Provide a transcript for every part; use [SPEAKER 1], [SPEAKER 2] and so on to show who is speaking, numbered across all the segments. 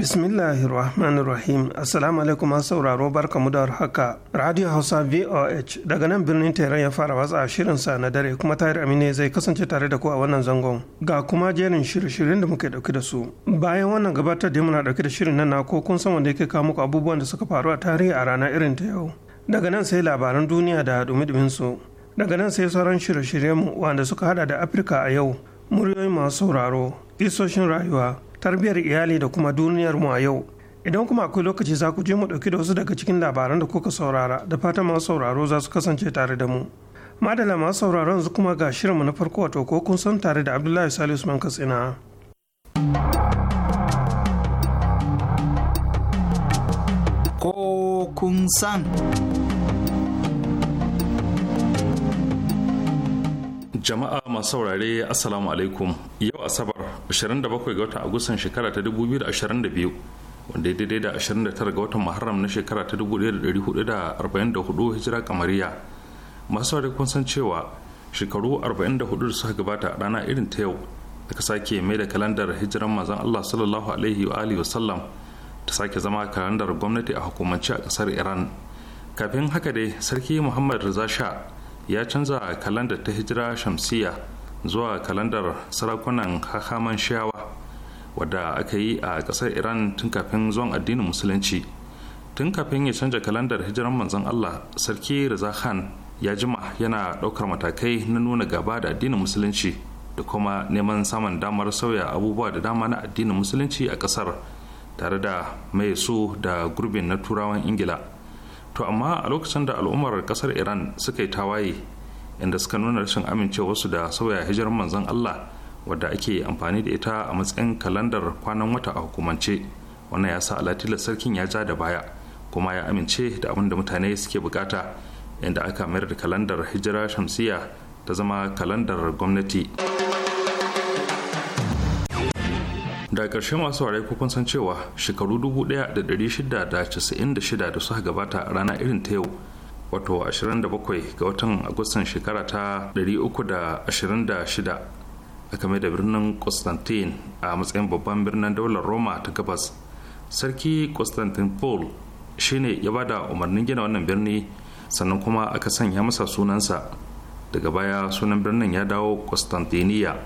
[SPEAKER 1] Bismillahirrahmanirrahim. Assalamu alaikum an sauraro mu da haka. Radio Hausa VOH daga nan birnin Tehran ya fara watsa sa na dare kuma Tahir Amine zai kasance tare da ku a wannan zangon. Ga kuma jerin shirye-shiryen da muke dauke da su. Bayan wannan gabatar da muna dauke da shirin nan na ko kun san wanda yake kawo muku abubuwan da suka faru a tarihi a rana irin ta yau. Daga nan sai labaran duniya da dumi su. Daga nan sai sauran shirye-shiryen mu wanda suka hada da Afirka a yau. Muryoyi masu sauraro, isoshin rayuwa, tarbiyyar iyali da kuma duniyar mu a yau idan kuma akwai lokaci za ku je mu ɗauki da wasu daga cikin labaran da kuka saurara da fatan masu sauraro za su kasance tare da mu madala masu sauraro yanzu kuma ga shirinmu na farko wato ko kun san tare da abdullahi salisu usman katsina
[SPEAKER 2] ko kun san
[SPEAKER 3] Jama'a masu saurare Assalamu alaikum yau Asabar 27 ga watan Agustan shekara ta 2022 wanda ya daidai da 29 ga watan Muharram na shekara ta 1444 hijira kamariya. Masu saurare kun san cewa shekaru 44 da suka gabata rana irin ta yau aka sake mai da kalandar hijiran mazan Allah sallallahu alaihi wa alihi wasallam ta sake zama kalandar gwamnati a hukumance a kasar Iran. Kafin haka dai Sarki Muhammad rizasha ya canza kalandar ta hijira shamsiya zuwa kalandar sarakunan hakaman shawa wadda aka yi a ƙasar iran tun kafin zuwan addinin musulunci tun kafin ya canza kalandar hijiran manzon allah sarki Reza ya jima yana ɗaukar matakai na nuna gaba da addinin musulunci da kuma neman saman damar sauya abubuwa da dama na addinin musulunci a ƙasar tare da mai su da gurbin na turawan ingila to amma a lokacin da al'ummar kasar iran suka yi tawaye inda suka nuna rashin amincewarsu da sauya hijirar manzon allah wadda ake amfani da ita a matsayin kalandar kwanan wata a hukumance wannan ya sa alatila sarkin ya ja da baya kuma ya amince da abin da mutane suke bukata inda aka mayar da kalandar hijira shamsiya ta zama kalandar gwamnati. da ƙarshe masu ware kun san cewa shekaru 1696 da suka gabata a rana irin ta yau wato 27 ga watan agustan shekara ta 326 a kame da birnin constantine a matsayin babban birnin daular roma ta gabas sarki constantinople shine ya bada umarnin gina wannan birni sannan kuma aka sanya masa sunansa daga baya sunan birnin ya dawo constantinia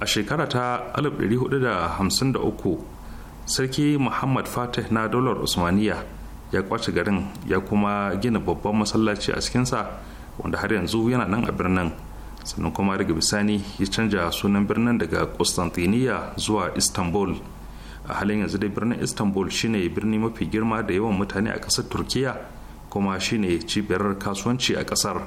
[SPEAKER 3] a shekara ta 1453 sarki muhammad fatih na daular usmaniya ya kwace garin ya kuma gina babban masallaci a cikinsa wanda har yanzu yana nan a birnin sannan kuma daga bisani ya canja sunan birnin daga constantiniya zuwa istanbul a halin yanzu dai birnin istanbul shine birni mafi girma da yawan mutane a kasar turkiya kuma shine cibiyar kasuwanci a kasar.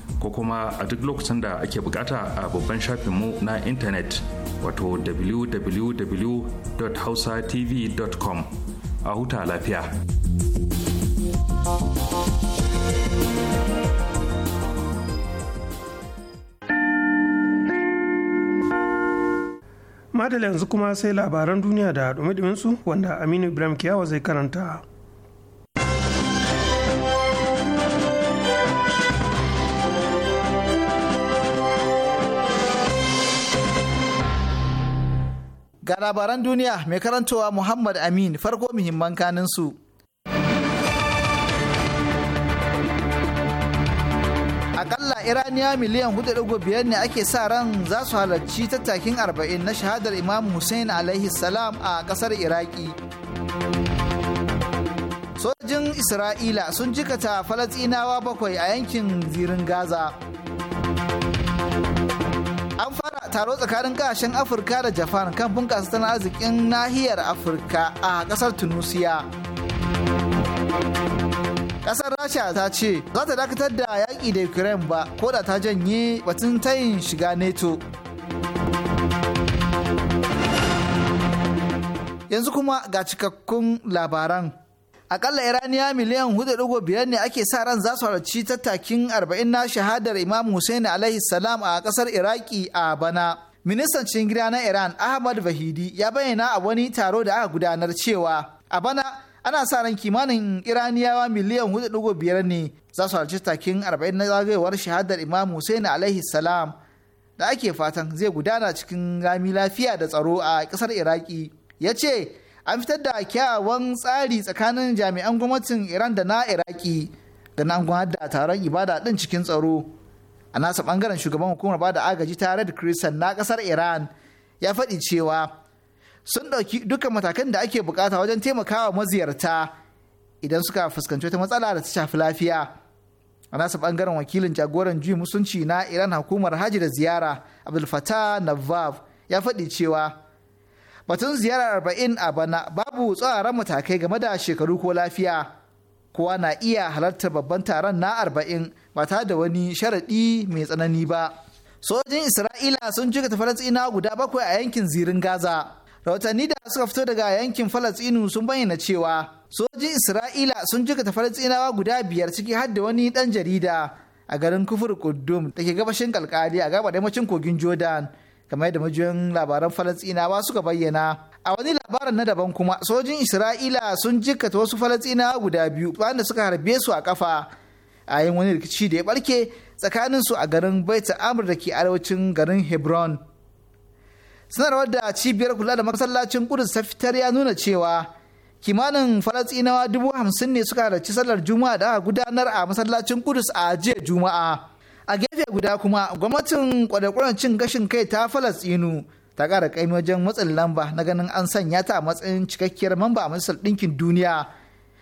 [SPEAKER 3] ko kuma a duk lokacin da ake bukata a babban shafinmu na intanet wato www.hausatv.com a huta lafiya.
[SPEAKER 1] Madalla yanzu kuma sai labaran duniya da dumi su wanda Aminu Ibrahim Kiyawa zai karanta.
[SPEAKER 2] Ga labaran duniya mai karantowa Muhammad Amin farko muhimman kanin su. Akalla Iraniya miliyan 4.5 ne ake sa ran za su halarci tattakin 40 na shahadar Imam Hussein alaihi salam a ƙasar Iraki. Sojin Isra'ila sun jikata Falasɗinawa bakwai a yankin zirin Gaza. an fara taro tsakanin kasashen afirka da japan kan bunƙasa tattalin arzikin nahiyar afirka a ƙasar tunisia ƙasar rasha ta ce za ta dakatar da yaƙi da ukraine ba ko da ta janye batun tayin shiga neto yanzu kuma ga cikakkun labaran akalla iraniya miliyan 4.5 ne ake sa ran za su halarci tattakin 40 na shahadar imam hussein alaihi salam a kasar iraki a bana ministan cikin gida na iran ahmad vahidi ya bayyana a wani taro da aka gudanar cewa a bana ana sa ran kimanin iraniyawa miliyan 4.5 ne za su halarci tattakin 40 na zagayowar shahadar imam hussein alaihi salam da ake fatan zai gudana cikin rami lafiya da tsaro a kasar iraki ya ce an fitar da kyawawan tsari tsakanin jami'an gwamnatin iran da na iraki na an da taron ibada din cikin tsaro a nasa bangaren shugaban hukumar ba da agaji ta red crescent na kasar iran ya faɗi cewa sun ɗauki dukkan matakan da ake bukata wajen taimakawa maziyarta idan suka fuskanci wata matsala da ta shafi lafiya a nasa bangaren wakilin jagoran juyin musunci na iran hukumar hajji da ziyara AbdulFatah fatah navav ya faɗi cewa batun ziyarar arba'in a bana babu tsawaran matakai game da shekaru ko lafiya kowa na iya halartar babban taron na arba'in ba tare da wani sharaɗi mai tsanani ba sojin isra'ila sun ta falastina guda bakwai a yankin zirin gaza rahotanni da suka fito daga yankin falastinu sun bayyana cewa sojin isra'ila sun ta falastinawa guda biyar ciki har da wani ɗan jarida a garin kufur kudum da ke gabashin kalkali a gabar yammacin kogin jordan kamar da majiyoyin labaran falasɗinawa suka bayyana a wani labaran na daban kuma sojin isra'ila sun jikkata wasu falasɗinawa guda biyu wanda suka harbe su a kafa a yin wani rikici da ya barke tsakanin su a garin baita amur da ke arewacin garin hebron sanarwar da cibiyar kula da masallacin kudus ta fitar ya nuna cewa kimanin falasɗinawa dubu hamsin ne suka halarci sallar juma'a da aka gudanar a masallacin kudus a jiya juma'a a gefe guda kuma gwamnatin kwadakwaran cin gashin kai ta inu ta ƙara ƙaimi wajen matsin lamba na ganin an sanya ta a matsayin cikakkiyar mamba a majalisar ɗinkin duniya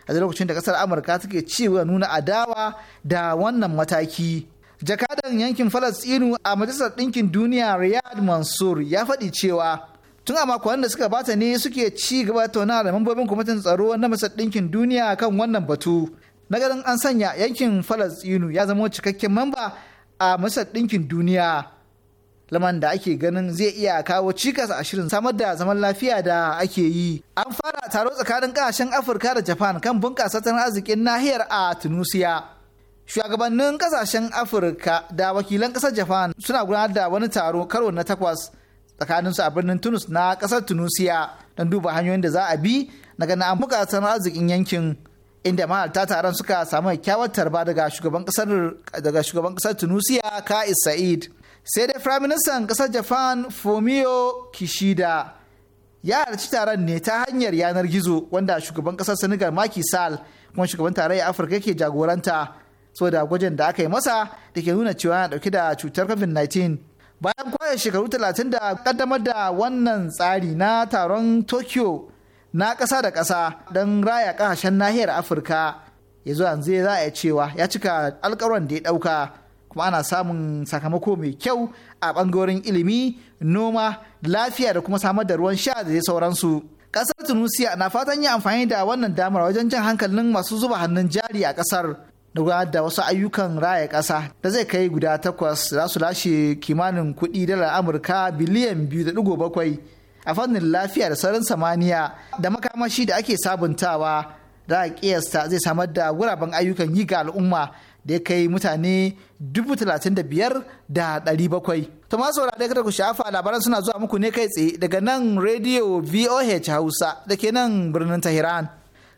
[SPEAKER 2] a lokacin da kasar amurka take cewa nuna adawa da wannan mataki jakadan yankin inu a majalisar ɗinkin duniya riyad mansur ya faɗi cewa tun a makonnin da suka bata ne suke ci gaba tauna da mambobin kwamitin tsaro na majalisar ɗinkin duniya kan wannan batu na ganin an sanya yankin inu ya zama cikakken mamba a masar ɗinkin duniya laman da ake ganin zai iya kawo cikas a shirin samar da zaman lafiya da ake yi an fara taro tsakanin kasashen afirka da japan kan bunƙasa tattalin arzikin nahiyar a tunusiya shugabannin kasashen afirka da wakilan ƙasar japan suna gudanar da wani taro karo na takwas tsakaninsu a birnin tunus na ƙasar tunusiya don duba hanyoyin da za a bi na ganin an bunƙasa tattalin arzikin yankin inda mahalta taron suka samu kyakkyawar tarba daga shugaban kasar daga shugaban kasar Tunisia Kai Sa'id sai dai firaministan kasar Japan Fumio Kishida ya halarci taron ne ta hanyar yanar gizo wanda shugaban kasar Senegal Macky Sall kuma shugaban tarayyar Afirka yake jagoranta saboda gwajin da aka yi masa da ke nuna cewa yana dauke da cutar COVID-19 bayan kwaya shekaru 30 da kaddamar da wannan tsari na taron Tokyo na ƙasa da ƙasa don raya ƙasashen nahiyar afirka ya zo yanzu za a cewa ya cika alkawarin da ya ɗauka kuma ana samun sakamako mai kyau a ɓangaren ilimi noma lafiya da kuma samar da ruwan sha da sauransu ƙasar tunisia na fatan yin amfani da wannan damar wajen jan hankalin masu zuba hannun jari a ƙasar da gudanar da wasu ayyukan raya ƙasa da zai kai guda takwas za su lashe kimanin kuɗi dalar amurka biliyan biyu da ɗigo bakwai a fannin lafiya da sauran samaniya da makamashi da ake sabuntawa da a kiyasta zai samar da guraben ayyukan yi ga al'umma da ya kai mutane dubu talatin da biyar da ɗari bakwai. kada ku shafa labaran suna zuwa muku ne kai tsaye daga nan rediyo VOH Hausa da ke nan birnin Tehran.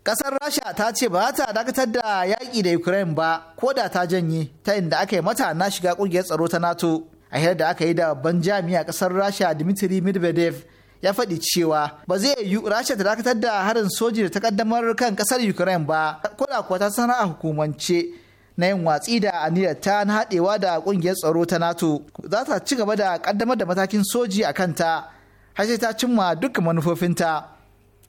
[SPEAKER 2] Kasar Rasha ta ce ba ta dakatar da yaƙi da Ukraine ba ko da ta janye ta inda aka yi mata na shiga ƙungiyar tsaro ta NATO. A hirar da aka yi da babban jami'a Ƙasar Rasha Dmitry Medvedev ya faɗi cewa ba zai yiwu rasha ta dakatar da harin soji da ta kaddamar kan kasar ukraine ba ko da kuwa ta sanar a hukumance na yin watsi da aniyar ta na haɗewa da ƙungiyar tsaro ta nato za ta ci gaba da kaddamar da matakin soji a kanta har sai ta cimma dukkan manufofinta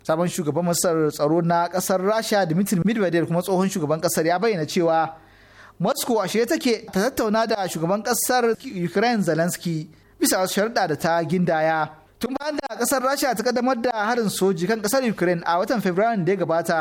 [SPEAKER 2] sabon shugaban masar tsaro na kasar rasha dimitri medvedev kuma tsohon shugaban kasar ya bayyana cewa moscow a shirye take ta tattauna da shugaban kasar ukraine zelensky bisa sharda da ta gindaya tun bayan da kasar rasha ta kaddamar da harin soji kan kasar ukraine a watan february da ya gabata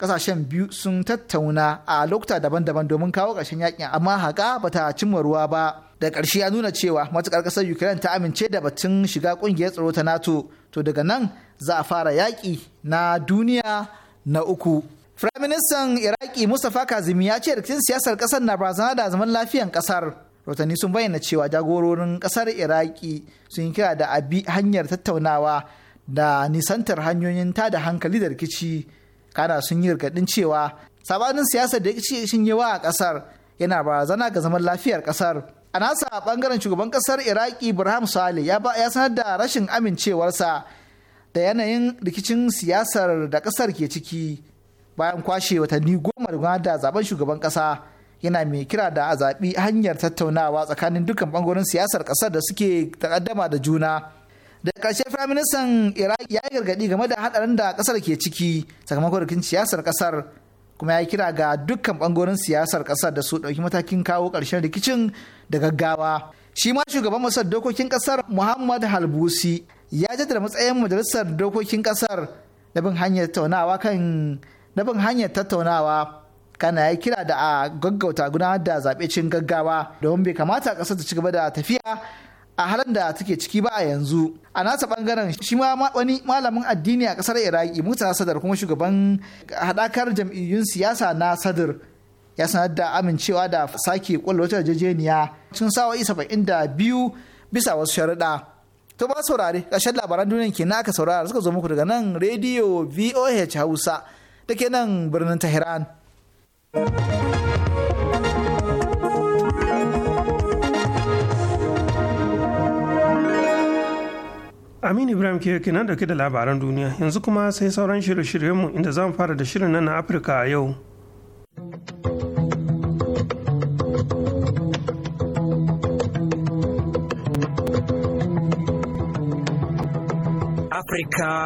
[SPEAKER 2] kasashen biyu sun tattauna a lokuta daban-daban domin kawo ƙarshen yakin amma haka ba ta cimma ruwa ba da ƙarshe ya nuna cewa matukar ƙasar ukraine ta amince da batun shiga ƙungiyar tsaro ta nato to daga nan za a fara yaƙi na duniya na uku Firaministan Iraki Mustapha Kazimi ya ce rikicin siyasar ƙasar na barazana da zaman lafiyan ƙasar. rahotanni sun bayyana cewa jagororin kasar iraki sun yi kira da abi hanyar tattaunawa da nisantar hanyoyin tada hankali da rikici kana sun yi gargadin cewa sabanin siyasar da rikicin yawa a kasar yana barazana ga zaman lafiyar kasar a nasa bangaren shugaban kasar iraki ibrahim saleh ya sanar da rashin amincewarsa da yanayin rikicin siyasar da kasar ke ciki bayan kwashe watanni goma da zaben shugaban kasa yana mai kira da a zaɓi hanyar tattaunawa tsakanin dukkan bangoren siyasar kasar da suke takaddama da juna da ƙarshe firaministan iraq ya yi gargaɗi game da haɗarin da ƙasar ke ciki sakamakon rikin siyasar ƙasar kuma ya yi kira ga dukkan bangoren siyasar ƙasar da su ɗauki matakin kawo ƙarshen rikicin da gaggawa shi ma shugaban masar dokokin ƙasar muhammad halbusi ya jaddada matsayin majalisar dokokin ƙasar da bin da bin hanyar tattaunawa kana ya kira da a gaggauta gudanar da zaɓe cikin gaggawa domin bai kamata ƙasar ta ci gaba da tafiya a halin da take ciki ba a yanzu a nasa bangaren shi ma wani malamin addini a ƙasar iraki mutana sadar kuma shugaban haɗakar jam'iyyun siyasa na sadar ya sanar da amincewa da sake kwallo wata yarjejeniya sun sawa isa da biyu bisa wasu sharuɗa to ba saurare ƙarshen labaran duniya ke aka saurara suka zo muku daga nan rediyo voh hausa da ke nan birnin tehran
[SPEAKER 1] Amin Ibrahim ke kenan dauke da labaran duniya yanzu kuma sai sauran shirye-shiryenmu inda zamu fara da shirin nan na Afirka
[SPEAKER 4] a yau. Afirka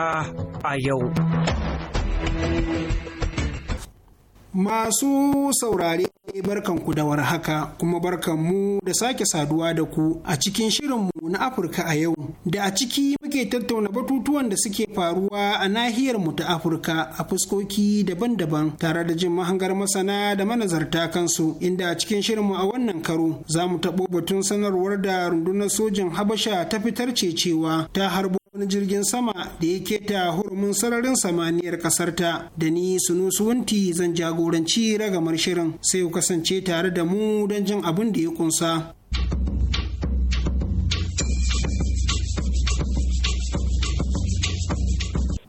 [SPEAKER 4] a yau.
[SPEAKER 5] Masu saurare barkanku da warhaka kuma barkanmu da sake saduwa da ku a cikin shirin mu na Afirka a yau da a ciki muke tattauna batutuwan da suke faruwa a nahiyar mu ta Afirka a fuskoki daban-daban tare da jin mahangar masana da manazarta kansu inda a cikin shirin mu a wannan karo za mu taɓo batun sanarwar da rundunar sojin Habasha ta fitar ce cewa ta harbo wani jirgin sama da ya keta hurumin sararin samaniyar kasar ta da ni sunusuwanti zan jagoranci ragamar shirin sai ku kasance tare da mu don jin abin da ya kunsa.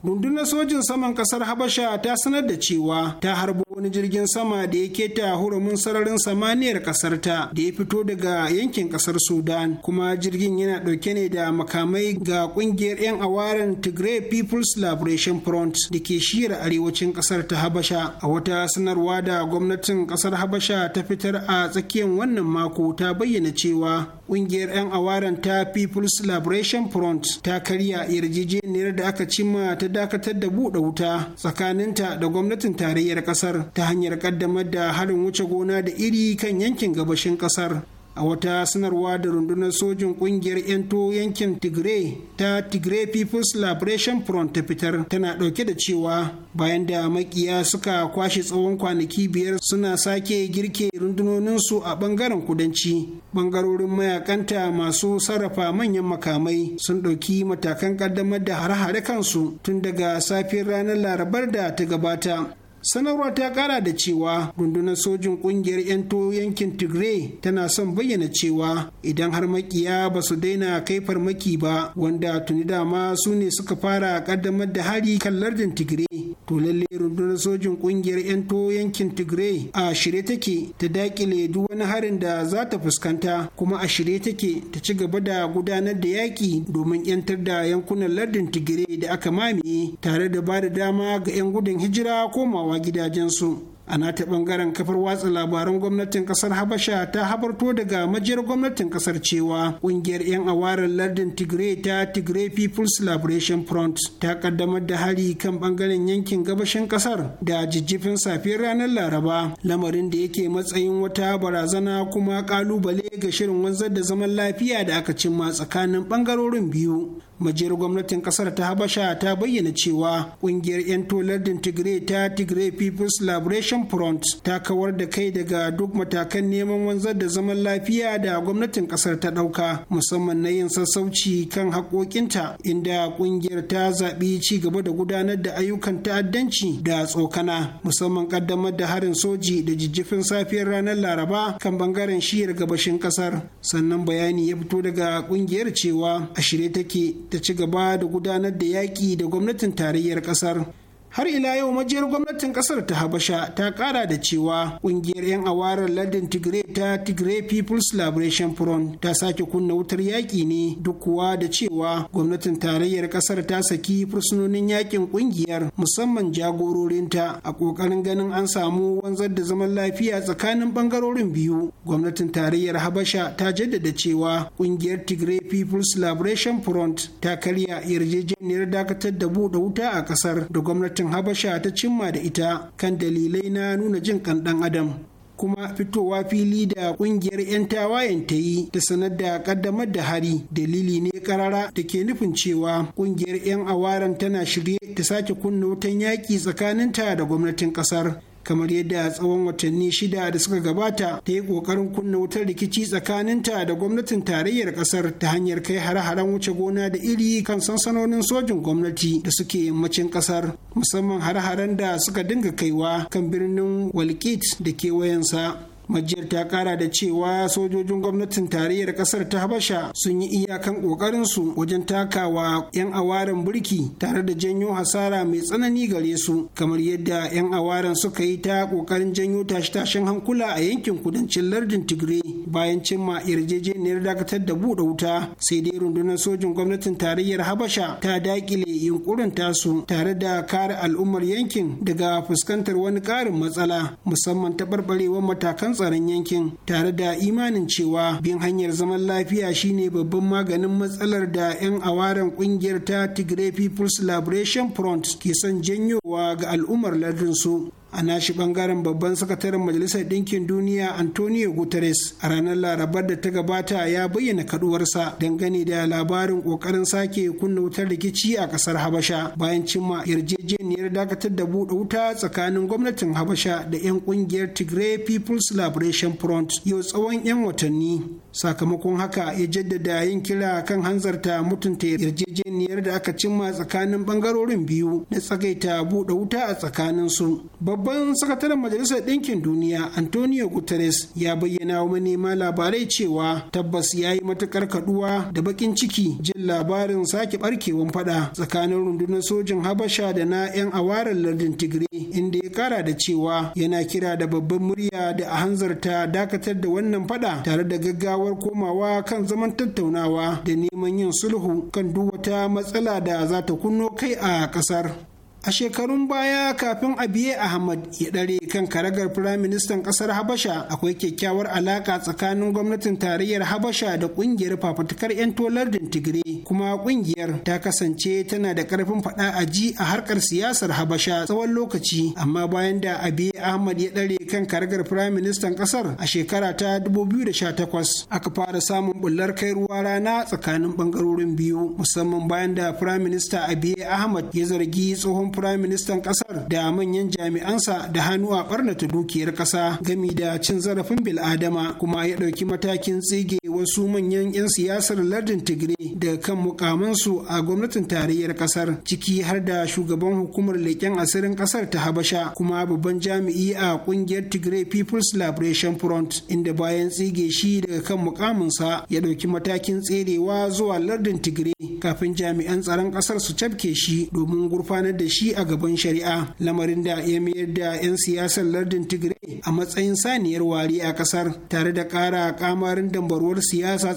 [SPEAKER 5] rundunar sojin saman kasar habasha ta sanar da cewa ta harbo wani jirgin sama da ya keta hurumin sararin samaniyar kasar ta da ya fito daga yankin kasar sudan kuma jirgin yana dauke ne da makamai ga kungiyar 'yan awaren tigray people's liberation front da ke shiyar arewacin kasar ta habasha a wata sanarwa da gwamnatin kasar habasha ta fitar a tsakiyar wannan mako ta bayyana cewa kungiyar 'yan awaren ta people's liberation front ta karya yarjejeniyar da aka cimma ta dakatar da buɗe wuta tsakaninta da gwamnatin tarayyar kasar ta hanyar kaddamar da harin wuce gona da iri kan yankin gabashin kasar a wata sanarwa da rundunar sojin kungiyar 'yanto yankin tigray ta tigray people's liberation front ta fitar tana ɗauke da cewa bayan da makiya suka kwashe tsawon kwanaki biyar suna sake girke rundunoninsu a ɓangaren kudanci ɓangarorin mayakanta masu sarrafa manyan makamai sun ɗauki matakan ƙaddamar da hare-hare kansu tun daga safiyar ranar larabar da ta gabata sanarwar ta kara da cewa rundunar sojin kungiyar 'yan yankin tigray tana son bayyana cewa idan har makiya ba su daina kai farmaki ba wanda tuni dama su ne suka fara kaddamar da hari kan lardin tigray to lalle rundunar sojin kungiyar 'yan yankin tigray a shirye take ta dakile duk wani harin da za ta fuskanta kuma a shirye take ta ci gaba da gudanar da yaƙi domin 'yantar da yankunan lardin tigray da aka mamaye tare da ba da dama ga 'yan gudun hijira komawa komawa gidajensu a nata bangaren kafar watsa labaran gwamnatin kasar habasha ta habarto daga majiyar gwamnatin kasar cewa kungiyar 'yan awarin lardin tigray ta tigray people's liberation front ta kaddamar da hari kan bangaren yankin gabashin kasar da jijjifin safiyar ranar laraba lamarin da yake matsayin wata barazana kuma kalubale ga shirin wanzar da zaman lafiya da aka cimma tsakanin bangarorin biyu majiyar gwamnatin kasar ta habasha ta bayyana cewa kungiyar 'yan tolardin tigray ta tigray people's liberation front ta kawar da kai daga duk matakan neman wanzar da zaman lafiya da gwamnatin kasar ta ɗauka musamman na yin sassauci kan haƙoƙinta inda kungiyar ta zaɓi ci gaba da gudanar da ayyukan ta'addanci da tsokana musamman ƙaddamar da harin soji da jijjifin safiyar ranar laraba kan bangaren shiyar gabashin kasar sannan bayani ya fito daga kungiyar cewa a shirye take ta ci gaba da gudanar da yaƙi da gwamnatin tarayyar ƙasar har ila yau majiyar gwamnatin kasar ta habasha ta kara da cewa kungiyar 'yan awarar ladin tigray ta tigray people's liberation front ta sake kunna wutar yaƙi ne duk kuwa da cewa gwamnatin tarayyar kasar ta saki fursunonin yakin kungiyar musamman jagororinta a ƙoƙarin ganin an samu wanzar da zaman lafiya tsakanin bangarorin biyu gwamnatin tarayyar habasha ta jaddada cewa kungiyar tigray people's liberation front ta karya yarjejeniyar dakatar da buɗe wuta a kasar da gwamnatin gwamnatin habasha ta cimma da ita kan dalilai na nuna jin kan dan adam kuma fitowa fili da kungiyar 'yan tawayen ta yi ta sanar da kaddamar da hari dalili ne karara da ke nufin cewa kungiyar 'yan awaran tana shirye ta sake kunna wutan yaƙi tsakaninta da gwamnatin ƙasar kamar yadda tsawon watanni shida da suka gabata ta yi ƙoƙarin kunna wutar rikici tsakaninta da gwamnatin tarayyar ƙasar ta hanyar kai hare-haren wuce gona da iri kan sansanonin sojin gwamnati da suke yammacin ƙasar musamman hare-haren da suka dinga kaiwa kan birnin walkit da kewayensa majiyar ta kara da cewa sojojin gwamnatin tarayyar kasar ta habasha sun yi iyakan kokarinsu wajen takawa 'yan awaren burki tare da janyo hasara mai tsanani gare su kamar yadda 'yan awaren suka yi ta kokarin janyo tashe-tashen hankula a yankin kudancin lardin tigray bayan cimma yarjejeniyar dakatar da buɗe wuta sai dai rundunar sojin gwamnatin tarayyar habasha ta dakile yunkurin tasu tare da kare al'ummar yankin daga fuskantar wani ƙarin matsala musamman taɓarɓarewar matakan tsaron yankin tare da imanin cewa bin hanyar zaman lafiya shine babban maganin matsalar da 'yan awaren kungiyar ta Tigray People's Liberation Front ke son janyowa ga al'ummar lardinsu. a nashi bangaren babban sakataren majalisar ɗinkin duniya antonio guterres a ranar larabar da ta gabata ya bayyana kaduwarsa dangane da labarin kokarin sake kunna wutar rikici a kasar habasha bayan cimma yarjejeniyar dakatar da buɗe wuta tsakanin gwamnatin habasha da 'yan kungiyar tigray people's liberation front yau tsawon 'yan watanni sakamakon haka ya jaddada yin kira kan hanzarta mutunta yarjejeniyar da aka cimma tsakanin bangarorin biyu na tsagaita buɗe wuta a tsakanin tsakaninsu babban sakataren majalisar ɗinkin duniya antonio guterres ya bayyana wa manema labarai cewa tabbas ya yi matukar kaɗuwa da bakin ciki jin labarin sake ɓarkewan fada tsakanin rundunar sojin habasha da na 'yan awarar lardin tigre inda ya kara da cewa yana kira da babban murya da a hanzarta dakatar da wannan fada tare da gaggawar komawa kan zaman tattaunawa da neman yin sulhu kan duk wata matsala da za ta kunno kai a ƙasar. a shekarun baya kafin abiye ahmad ya ɗare kan karagar firaministan ƙasar habasha akwai kyakkyawar alaƙa tsakanin gwamnatin tarayyar habasha da ƙungiyar fafutukar 'yan tolardin tigire kuma ƙungiyar ta kasance tana da ƙarfin faɗa a ji a harkar siyasar habasha tsawon lokaci amma bayan da abiye ahmad ya ɗare kan karagar firaministan ƙasar a shekara ta 2018 aka fara samun bullar kai ruwa rana tsakanin ɓangarorin biyu musamman bayan da firaminista abiye ahmad ya zargi tsohon firayim ministan kasar da manyan jami'ansa da hannu a barnata dukiyar kasa gami da cin zarafin bil'adama kuma ya ɗauki matakin tsige wasu manyan 'yan siyasar lardin tigray da kan mukamansu a gwamnatin tarayyar kasar ciki har da shugaban hukumar leƙen asirin kasar ta habasha kuma babban jami'i a ƙungiyar tigray people's liberation front inda bayan tsige shi daga kan mukaminsa ya ɗauki matakin tserewa zuwa lardin tigray kafin jami'an tsaron kasar su cafke shi domin gurfanar da shi shi a gaban shari'a lamarin da ya mayar da 'yan siyasar lardin tigray a matsayin saniyar wari a kasar tare da ƙara kamarin dambarwar siyasa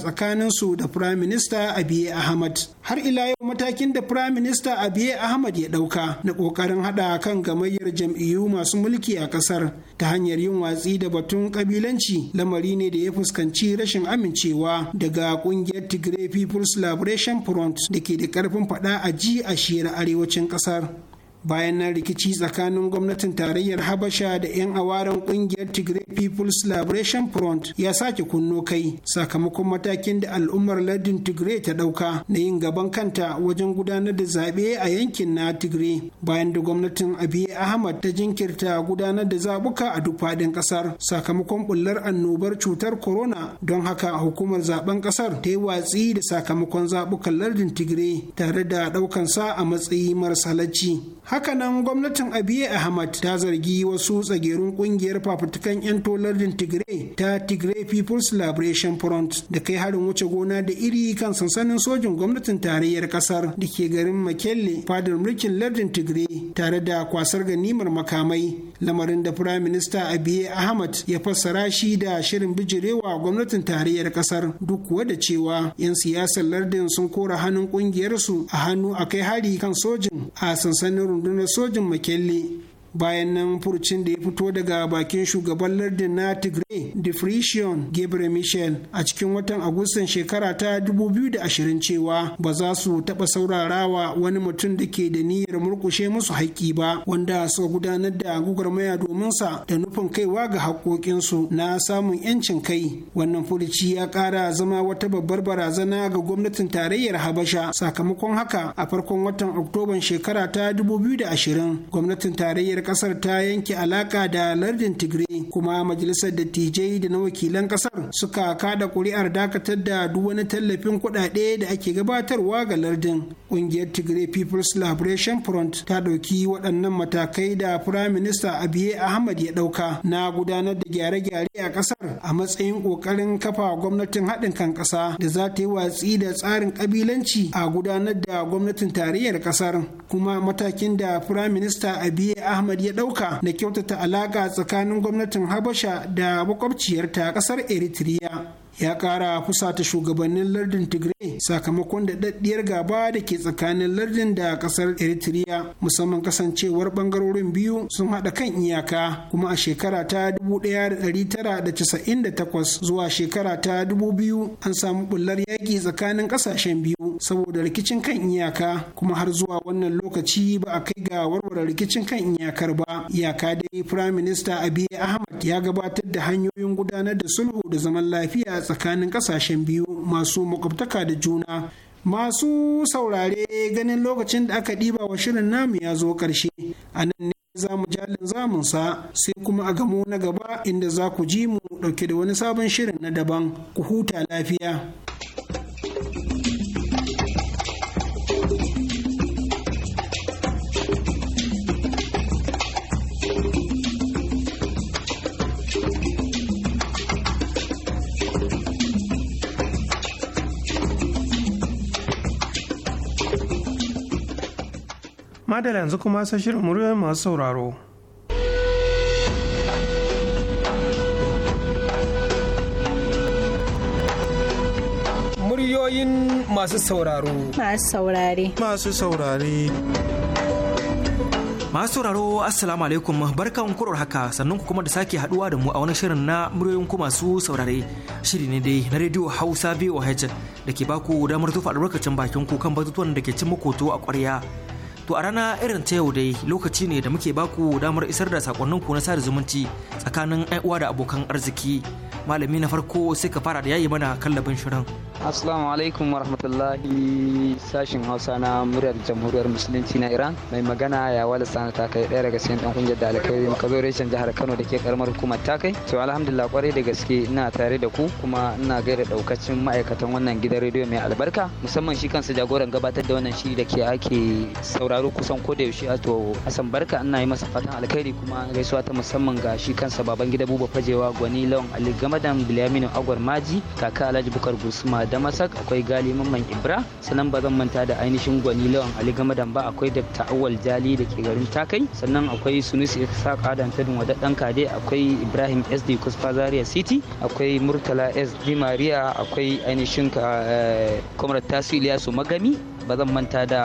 [SPEAKER 5] su da firaminista minista abiy ahmad har ila yau matakin da firaminista minista abiy ahmad ya ɗauka na ƙoƙarin haɗa kan gamayyar jam'iyyu masu mulki a kasar ta hanyar yin watsi da batun kabilanci lamari ne da ya fuskanci rashin amincewa daga ƙungiyar tigray people's liberation front da ke da ƙarfin faɗa a ji a shirin arewacin kasar. bayan na rikici tsakanin gwamnatin tarayyar habasha da 'yan awaren kungiyar tigray people's liberation front ya sake kunno kai sakamakon matakin da al'ummar lardin tigray ta dauka na yin gaban kanta wajen gudanar da zaɓe a yankin na tigray bayan da gwamnatin abiy ahmad ta jinkirta gudanar da zabuka a duk faɗin ƙasar sakamakon bullar annobar cutar corona don haka hukumar zaben ƙasar ta yi watsi da sakamakon zabukan lardin tigray tare da ɗaukansa a matsayi marasa Hakanan gwamnatin Abiy Ahmad ta zargi wasu tsagerun kungiyar fafutukan 'yan tolardin Tigray ta Tigray People's Liberation Front da kai harin wuce gona da iri kan sansanin sojin gwamnatin tarayyar kasar da ke garin Makelle fadar mulkin lardin Tigray tare da kwasar ganimar makamai lamarin da firayim minista abiye ahmad ya fassara shi da shirin bijirewa gwamnatin tarayyar kasar duk kuwa da cewa 'yan siyasar lardin sun kora hannun kungiyarsu a hannu a kai hari kan sojin a sansanin rundunar sojin makelle bayan nan furcin da ya fito daga bakin shugaban lardin na tigray defricion gabriel michel a cikin watan agustan shekara ta 2020 cewa ba za su taɓa saurarawa wani mutum da ke da niyyar murkushe musu haƙƙi ba wanda suka gudanar da maya domin sa da nufin kaiwa ga haƙoƙinsu na samun 'yancin kai wannan furici ya ƙara zama wata babbar barazana ga gwamnatin tarayyar habasha sakamakon haka a farkon watan oktoban shekara ta 2020 gwamnatin tarayyar makwabciyar kasar ta yanke alaka da lardin tigray kuma majalisar dattijai da na wakilan ƙasar suka kada ƙuri'ar dakatar da duk wani tallafin kuɗaɗe da ake gabatarwa ga lardin ƙungiyar tigray people's liberation front ta ɗauki waɗannan matakai da firayim minista abiye ahmad ya ɗauka na gudanar da gyare-gyare a ƙasar a matsayin ƙoƙarin kafa gwamnatin haɗin kan ƙasa da za ta yi watsi da tsarin ƙabilanci a gudanar da gwamnatin tarayyar ƙasar, kuma matakin da firayim minista abiye ahmad ahmad ya ɗauka na kyautata alaƙa tsakanin gwamnatin habasha da makwabciyarta ƙasar eritrea ya kara fusata shugabannin lardin tigray sakamakon da daddiyar gaba da ke tsakanin lardin da kasar eritrea musamman kasancewar bangarorin biyu sun hada kan iyaka kuma a shekara ta 1998 zuwa shekara ta 2000 an samu bullar yaki tsakanin kasashen biyu saboda rikicin kan iyaka kuma har zuwa wannan lokaci ba a kai ga warware rikicin kan iyakar ba iyaka dai firayim minista abiy ahmad ya gabatar da hanyoyin gudanar da sulhu da zaman lafiya tsakanin kasashen biyu masu makwabtaka da juna masu saurare ganin lokacin da aka ɗiba wa shirin namu ya zo ƙarshe a nan ne za mu jalin zamunsa sai kuma a gamo na gaba inda za ku ji mu ɗauke da wani sabon shirin na daban ku huta lafiya.
[SPEAKER 1] madala yanzu kuma sai shirin muryoyin masu sauraro
[SPEAKER 4] muryoyin masu sauraro masu saurare masu saurare masu sauraro assalamu alaikum barkan kurar haka sannan ku kuma da sake haduwa da mu a wani shirin na muryoyin ku masu saurare shiri ne dai na rediyo hausa voh da ke baku damar tufa albarkacin bakin ku kan batutuwan da ke cin muku a kwarya To a rana irin ta yau dai lokaci ne da muke baku damar isar da sakonninku na sada zumunci tsakanin uwa da abokan arziki. malami na farko sai ka fara da yayi mana kallabin shirin
[SPEAKER 6] Assalamu alaikum warahmatullahi sashin Hausa na muryar Jamhuriyar Musulunci na Iran mai magana ya wala sana ta kai daya daga cikin dan kungiyar da alkhairi muka zo reshen jihar Kano da ke karamar hukumar ta kai to alhamdulillah kwarai da gaske ina tare da ku kuma ina gaida daukacin ma'aikatan wannan gidan rediyo mai albarka musamman shi kansa jagoran gabatar da wannan shiri da ke ake sauraro kusan ko da yaushe a to Hassan Barka ina yi masa fatan alkhairi kuma gaisuwa ta musamman ga shi kansa baban gida Buba Fajewa Gwani Lawan Ali Gama madam Bilaminu Agwar Maji, kaka Alhaji Bukar Gusuma da Masak, akwai Gali Mamman Ibra, sannan ba zan manta da ainihin Gwani Lawan Ali Gamadan ba, akwai Dr. Awal Jali da ke garin Takai, sannan akwai Sunusi Isaac Adam Tudun Wadaddan Kade, akwai Ibrahim SD Kusfa Zaria City, akwai Murtala sd Maria, akwai ainihin eh, Comrade Tasu iliyasu Magami, ba zan manta da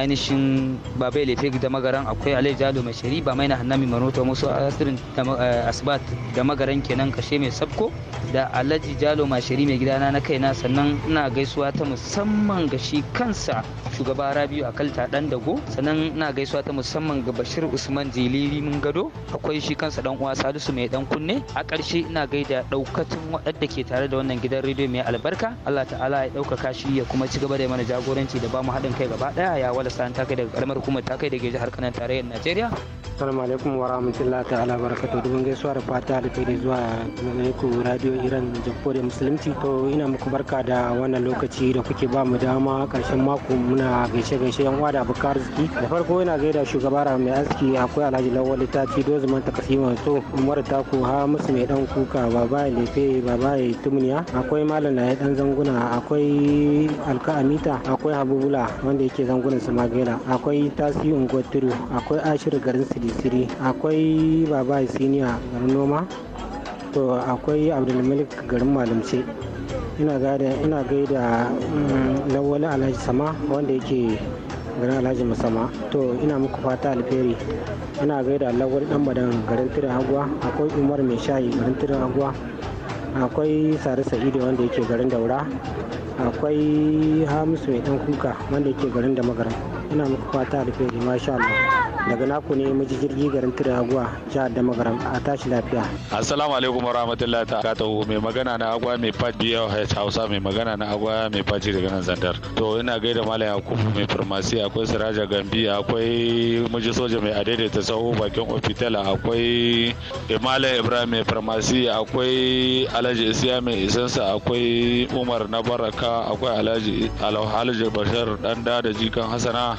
[SPEAKER 6] ainihin babai lefe da magaran akwai alai jalo mai shari ba mai na hannami manoto musu asirin eh, asibat da magaran kenan kashe mai sabko da alaji jalo mai shari mai gidana na kaina sannan ina gaisuwa ta musamman ga shi kansa shugaba rabiu akalta dan dago sannan ina gaisuwa ta musamman ga bashir usman jiliri mun gado akwai shi kansa dan uwa salisu mai dan kunne a ƙarshe ina gaida daukatun waɗanda ke tare da wannan gidan rediyo mai albarka allah ta'ala ya ɗaukaka shi ya kuma ci gaba da mana jagoranci da ba mu haɗin kai gaba ɗaya ya wala sa'an ta kai daga karamar hukumar ta kai da jihar kanan tarayyar najeriya salamu alaikum wa
[SPEAKER 7] rahmatullahi ta'ala barakatu dubin gaisuwa da fata da kai zuwa malaiku radio iran jamhuriyar musulunci to ina muku barka da wannan lokaci da kuke ba mu dama karshen mako muna gaishe gaishe yan uwa da abokan arziki da farko ina gaida shugaba mai aski akwai alhaji lawal tafi dozuman takasima to umar ku ha musu mai dan kuka baba ya lefe baba ya tumniya akwai malam na dan zanguna akwai alka amita akwai habubu Kula wanda yake zangunan Samagela akwai Tasi Ungwaturu akwai Ashir garin Sidisiri akwai Baba Siniya garin Noma to akwai Abdulmalik garin Malamce ina gaida ina gaida mm, Lawal Alhaji Sama wanda yake garin Alhaji Musama to ina muku fata alheri ina gaida Lawal Dan Badan garin Tirin Agwa akwai Umar Mai Shayi garin Tirin Agwa akwai sare sa'idu wanda yake garin daura akwai hamisu mai dan kuka wanda yake garin da magaran ina muku fata alheri masha Allah daga naku ne miji jirgi garin Tiraguwa jihar da magaram a tashi lafiya
[SPEAKER 3] assalamu alaikum warahmatullahi ta'ala mai magana na agwa mai B-H Hausa mai magana na agwa mai fat daga nan Zandar to ina gaida malam Yakubu mai farmasi akwai Siraja Gambi akwai miji soja mai adaidaita sahu bakin ofitala akwai Malam Ibrahim mai farmasi akwai Alhaji Isiya mai isansa akwai Umar na Baraka akwai Alhaji Alhaji Bashir dan da da jikan Hassana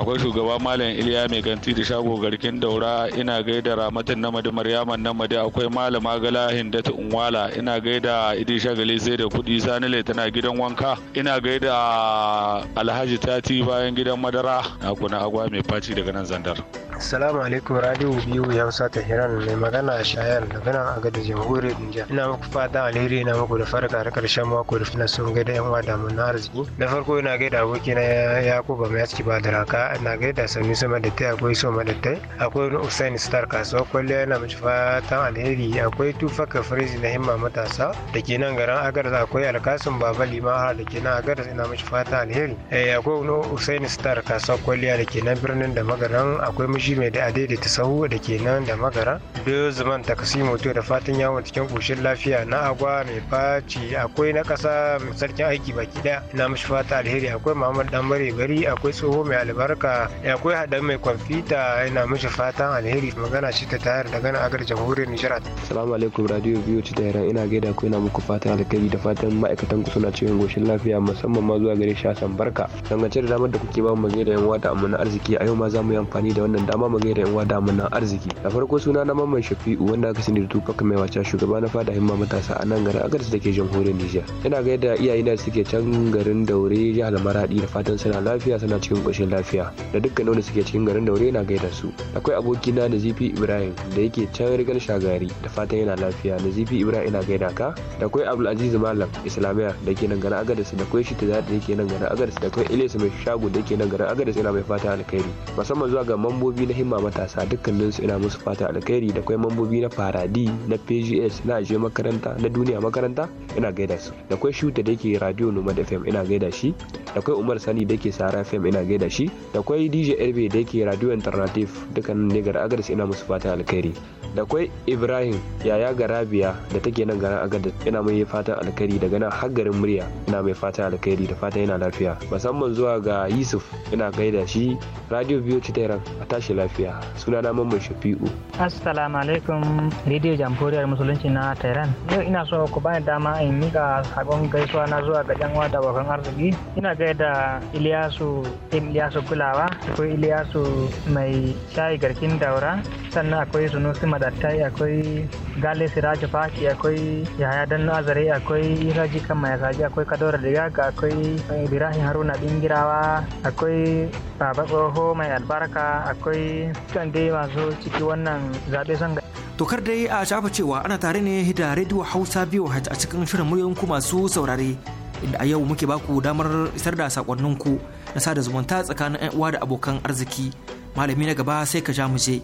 [SPEAKER 3] akwai shugaba malam iliya mai ganti da shago garkin daura ina gaida ramatin namadi maryaman namadi akwai malama gala Hindatu unwala ina gaida idi shagali sai da kudi sanile tana gidan wanka ina gaida alhaji tati bayan gidan madara na kuna agwa mai faci daga nan zandar
[SPEAKER 8] Assalamu alaikum radio biyu ya wasa ta hiran mai magana a shayar daga nan a gada jamhuriyar india Ina muku fata alheri ina muku da farka da karshen mako da fina sun gaida yan wada mun arziki. Na farko ina gaida aboki na Yakuba mai aski ba da raka na na gaida sami sama da ta akwai so madattai akwai wani usain star kasuwa kwallo yana mace fatan alheri akwai tufaka firiji na himma matasa da ke nan garin agaras akwai alkasun baba limaha da ke nan agaras ina mace fatan alheri eh, akwai wani usain star kasuwa kwalliya da ke nan birnin da magaran akwai mishi mai da adaidaita sahu da ke nan da magara biyu zaman takasimu to da fatan yawon cikin koshin lafiya na agwa mai faci akwai na kasa sarkin aiki baki daya ina mace fatan alheri akwai muhammad dan bari akwai tsoho mai albar barka akwai haɗa mai kwamfuta yana mishi fatan alheri magana shi ta tayar da gana agar jamhuriyar nijar
[SPEAKER 9] salamu alaikum radio biyu ta tayar ina gaida ku yana muku fatan alheri da fatan ma'aikatan ku suna cikin goshin lafiya musamman ma zuwa gare san barka dangance da damar da kuke ba mu gaida yan wata da na arziki a yau ma za mu yi amfani da wannan dama mu gaida yan wata amma na arziki da farko suna na mamman shafi'u wanda aka sani da tufaka mai wacce shugaba na fada himma matasa a nan garin agar da ke jamhuriyar nijar ina gaida iyayena suke can garin daure jihar maradi da fatan suna lafiya suna cikin goshin lafiya lafiya da dukkan wanda suke cikin garin daure na gaida su akwai abokina da zifi ibrahim da yake can rigar shagari da fatan yana lafiya da zifi ibrahim yana gaida ka da akwai abdulaziz malam islamiyar da ke nan garin da akwai shita da yake nan garin agadis da akwai ilyas mai shago da yake nan garin agadis ina mai fata alkhairi musamman zuwa ga mambobi na himma matasa dukkanin su ina musu fata alkhairi da akwai mambobi na faradi na pgs na ajiye makaranta na duniya makaranta ina gaida su da akwai shuta da yake radio nomad fm ina gaida shi da akwai umar sani da yake sara fm ina gaida shi da kwai dj Erbe da yake radio alternative dukkanin ne ga agadas ina musu fatan alkhairi da kwai ibrahim yaya garabiya da take nan garin agadas ina mai fatan alkhairi daga nan har garin murya ina mai fatan alkhairi da fatan yana lafiya musamman zuwa ga yusuf ina gaida shi radio biyu ci tairan a tashi lafiya suna na mamman shafi'u
[SPEAKER 7] assalamu alaikum radio jamhuriyar musulunci na tehran yau ina so ku bani dama in mika sakon gaisuwa na zuwa ga yan da abokan arziki ina gaida iliyasu iliyasu Lawa akwai Iliyasu mai shayi garkin daura sannan akwai Sunusi Madattai akwai Gale Siraji Fati akwai Yahaya Dan nazari akwai Isa Jikan Mai Saji akwai Kadora Digaga akwai Ibrahim Haruna Bingirawa akwai Baba Tsoho Mai Albarka akwai kan dai masu ciki wannan
[SPEAKER 4] zaɓe son Tokar dai a shafa cewa ana tare ne da Radio Hausa biyu a cikin shirin muryoyin ku masu saurare. inda a yau muke baku damar isar da sakonninku na sada zumunta tsakanin 'yan uwa da abokan arziki malami na gaba sai ka ja mu je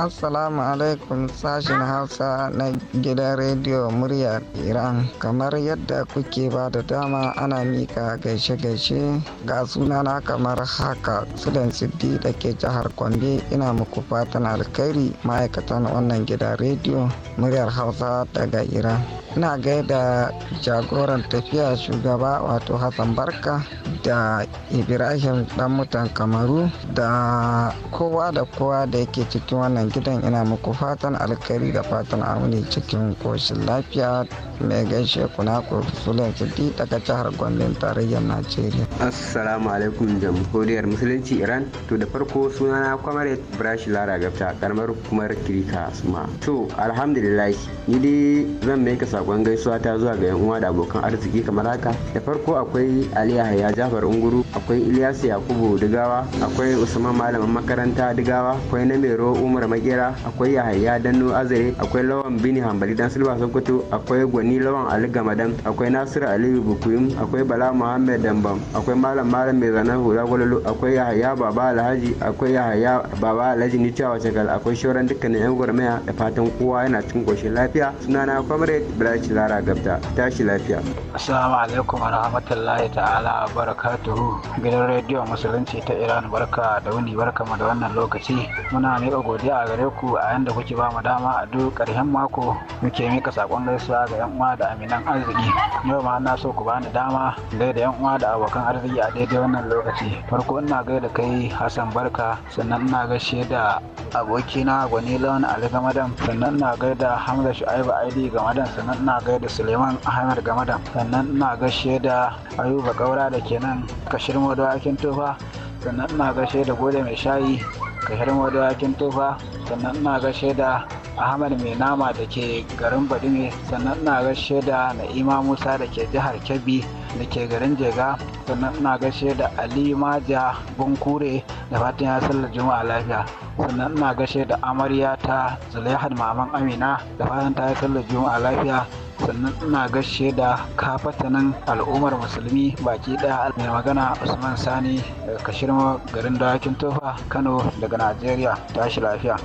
[SPEAKER 10] Assalamu alaikum sashen Hausa na gidan rediyo muryar Iran. Kamar yadda kuke ba da dama ana mika gaishe-gaishe ga sunana kamar haka Sudan Siddi da ke jihar Gombe ina muku fatan alkhairi ma'aikatan wannan gidan rediyo muryar Hausa daga Iran. Ina gaida jagoran tafiya shugaba wato Hassan Barka da Ibrahim dan mutan Kamaru da kowa da kowa da yake cikin wannan gidan ina muku fatan alkhairi da fatan amini cikin koshin lafiya mai gaishe kuna ku sulen siti daga jihar Gombe tarayyar Najeriya. Assalamu alaikum jamhuriyar musulunci Iran. To da farko sunana kwamare Brash Lara Gafta karamar hukumar Kirika Suma. To alhamdulillah ni dai zan mai ka sakon gaisuwa ta zuwa ga yan uwa da abokan arziki kamar haka. Da farko akwai Ali Yahaya Jafar Unguru, akwai Ilyasu Yakubu Digawa, akwai Usman malamin makaranta Digawa, akwai Namero Umar Makera, akwai Yahaya Danno Azare, akwai Lawan Bini Hambali Dan silba Sokoto, akwai Gwani ni lawan ali gamadan akwai nasiru aliyu bukuyin akwai bala muhammed dambam akwai malam malam mai zanen hula gwalolo akwai yahaya baba alhaji akwai yahaya baba alhaji ni cewa shagal akwai shauran dukkanin yan gwarmaya da fatan kowa yana cikin koshin lafiya sunana comrade ibrahim lara gabta tashi lafiya
[SPEAKER 11] assalamu alaikum wa rahmatullahi ta'ala wa barakatuhu gidan rediyo musulunci ta iran barka da wuni barka mu da wannan lokaci muna miƙa godiya a gare ku a yanda kuke ba mu dama a duk ƙarshen mako muke mika sakon gaisuwa ga yan uwa da aminan arziki yau ma na so ku bani dama gaida yan uwa da abokan arziki a daidai wannan lokaci farko ina da kai hassan barka sannan ina gaishe da abokina gwani lawan ali gamadan sannan ina da hamza shu'aibu aidi gamadan sannan ina da suleiman ahmed gamadan sannan ina gaishe da ayuba kaura da kenan kashirmo da akin tofa sannan ina gaishe da gode mai shayi kahir madawakin tufa sannan ina ga da ahmad mai nama da ke garin badime sannan ina gashe da na'ima musa da ke jihar kebbi da ke garin jega sannan ina ga da ali maja bunkure da fatan ya sallar juma'a lafiya sannan ina ga da amarya ta zulaihad maman amina da fatan ta yi sallar juma'a lafiya sannan ina gaishe da kafatanin al'ummar musulmi baki ɗaya mai magana usman sani kashirma garin dawakin tofa kano daga najeriya tashi lafiya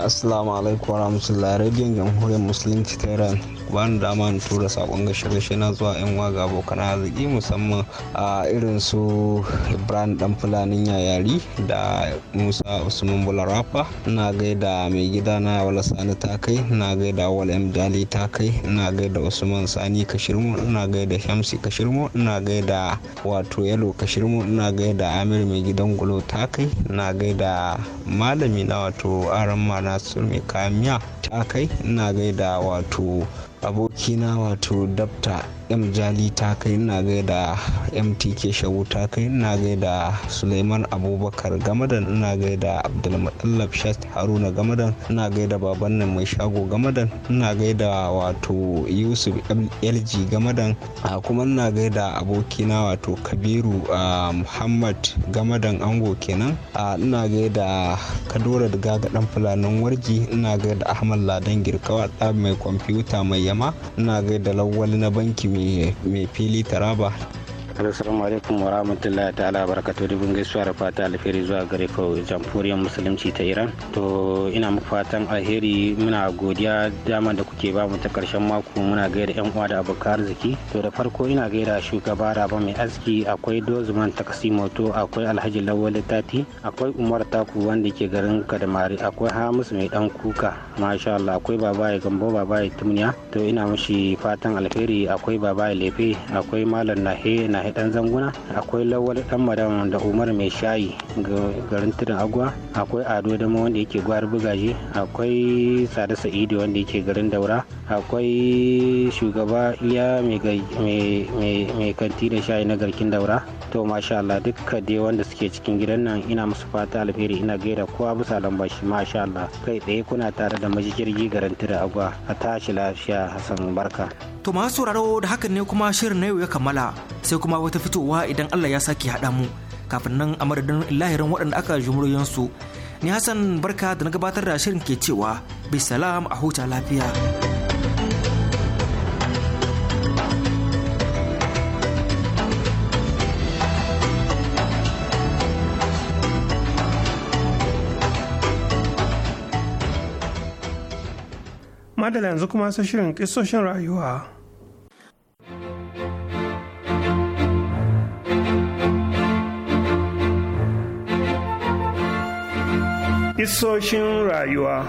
[SPEAKER 10] assalamu alaikum warahmatullahi radiyon jamhuriyar musulunci ta iran Wani bani dama na tura sakon gashe-gashe na zuwa yan waga abokan arziki musamman a irin su ibrahim dan fulanin yayari da musa usman bularafa na gaida mai gida na wala sani ta kai na gaida wala mdali ta kai na gaida usman sani kashirmu na gaida shamsi kashirmu na gaida wato yalo kashirmu na gaida amir mai gidan gulo ta kai na gaida malami na wato aran mana mai kamiya ta kai na gaida wato abokina wato dabta m jali ta kai ina gaida mtk shawu ta kai ina gaida suleiman abubakar gamadan ina gaida abdulmutallab shat haruna gamadan ina gaida baban nan mai shago gamadan ina gaida wato yusuf lg gamadan a kuma ina gaida abokina wato kabiru muhammad gamadan ango kenan ina gaida kadora da gagadan fulanin warji ina gaida ahmad ladan girkawa mai kwamfuta mai yama ina gaida lawali na banki mai fili taraba
[SPEAKER 7] sakalo salamu alaikum wa rahmatullahi ta'ala barakatu da bin gaisuwa da fata alheri zuwa gare ka jamhuriyar musulunci ta iran to ina muku fatan alheri muna godiya dama da kuke ba mu ta karshen mako muna gaida yan uwa da abokan arziki to da farko ina gaida shugaba raba mai aski akwai dozman takasimoto akwai alhaji lawal tati akwai umar taku wanda ke garin kadamari akwai hamus mai dan kuka masha Allah akwai babaye gambo babaye tumniya to ina mushi fatan alheri akwai babaye lefe akwai malam nahe nahe ibrahim dan zanguna akwai lawal dan madam da umar mai shayi garin tudun agwa akwai ado dama wanda yake gwar bugaje akwai sada sa'idu wanda yake garin daura akwai shugaba iya mai kanti da shayi na garkin daura to masha Allah duka dai wanda suke cikin gidan nan ina musu fata alheri ina gaida kowa bisa lamba masha Allah kai tsaye kuna tare da majigirgi garin tudun agwa a tashi lafiya hassan barka
[SPEAKER 4] To masu sauraro da hakan ne kuma shirin na yau ya kammala sai kuma wata fitowa idan Allah ya sake haɗa mu kafin nan a madadin lahirin waɗanda aka jumuriyar su. Ni Hassan barka da na gabatar da shirin ke cewa bi salam a huta lafiya.
[SPEAKER 1] Madala yanzu kuma sai shirin kisoshin rayuwa. Kisoshin rayuwa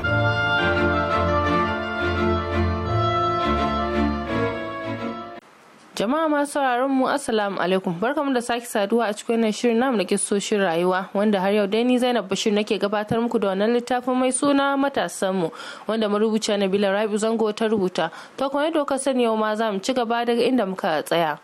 [SPEAKER 12] Jama'a masu sauraron mu Assalamu alaikum barkamu da sake saduwa a cikin wannan shirin namu na kissoshin rayuwa wanda har yau dai ni Zainab Bashir nake gabatar muku da wannan littafin mai suna matasan mu wanda na Nabila Rabi Zango ta rubuta to kuma yadda ka sani yau ma za mu ci gaba daga inda muka tsaya.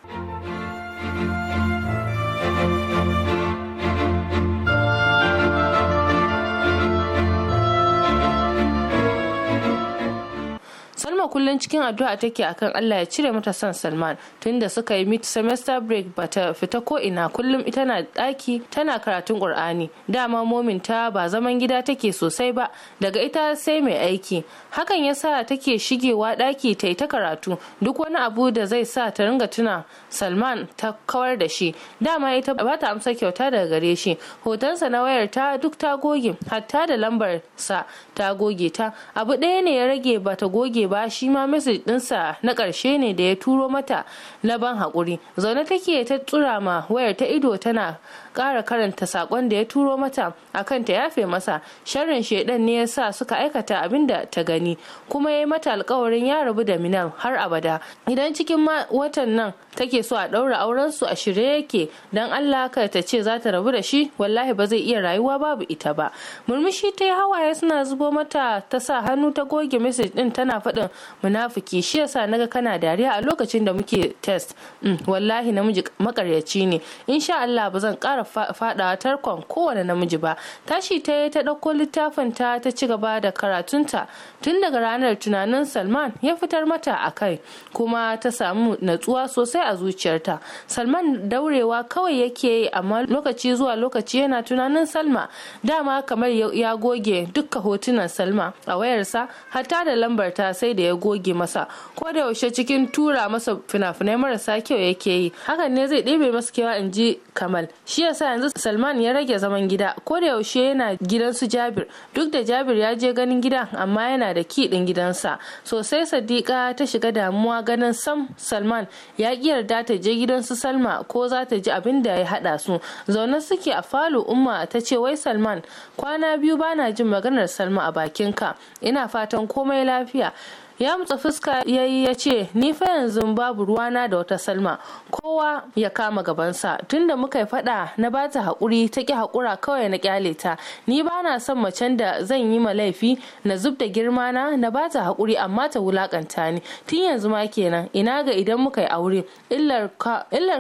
[SPEAKER 12] Halima kullum cikin addu'a take akan Allah ya cire mata son Salman tunda suka yi mid semester break ba ta fita ko ina kullum ita na daki tana karatun Qur'ani dama momin ta ba zaman gida take sosai ba daga ita sai mai aiki hakan yasa take shigewa daki ta ta karatu duk wani abu da zai sa ta ringa tuna Salman ta kawar da shi dama ita ba ta amsa kyauta daga gare shi hotonsa na wayar ta duk ta goge hatta da lambar sa ta goge ta abu ɗaya ne ya rage ba ta goge ba shi ma message dinsa na ƙarshe ne da ya turo mata na ban haƙuri zaune take ta tsura ma wayar ta ido tana kara karanta sakon da ya turo mata akan ta yafe masa sharrin shaidan ne ya sa suka aikata abin da ta gani kuma ya yi mata alkawarin ya rabu da minal har abada idan cikin watan nan take so a ɗaura auren su a shirye yake dan Allah ka ta ce za ta rabu da shi wallahi ba zai iya rayuwa babu ita ba murmushi ta yi hawaye suna zubo mata ta sa hannu ta goge message din tana faɗin munafiki shi yasa naga kana dariya a lokacin da muke test mm, wallahi namiji makaryaci ne insha Allah ba zan ƙara fada tarkon kowane namiji ba tashi ta yi ta ɗauko littafin ta ta ci gaba da karatunta tun daga ranar tunanin salman ya fitar mata a kai kuma ta samu natsuwa sosai a zuciyarta salman daurewa kawai yake yi amma lokaci zuwa lokaci yana tunanin salma dama kamar ya goge dukka hotunan salma a wayarsa hatta da lambar ta sai da ya goge masa ko da yaushe cikin tura masa fina-finai marasa kyau yake yi hakan ne zai ɗebe masa kewa in ji kamal shi ya yasa yanzu Salman ya rage zaman gida ko da yaushe yana gidan su Jabir duk da Jabir ya je ganin gidan amma yana da ki din gidansa sosai Sadiqa ta shiga damuwa ganin Sam Salman ya ki yarda ta je gidan su Salma ko za ta ji abin da ya hada su zaune suke a falo umma ta ce wai Salman kwana biyu bana jin maganar Salma a bakinka ina fatan komai lafiya ya mutsa fuska ya yi ya ce ni fa yanzu babu ruwana da wata salma kowa ya kama gabansa tunda muka yi fada na ba ta haƙuri ta ki haƙura kawai na kyale ta ni ba na son macen da zan yi ma laifi na zub da girma na na ba ta haƙuri amma ta wulakanta ni tun yanzu ma kenan ina ga idan muka yi aure illar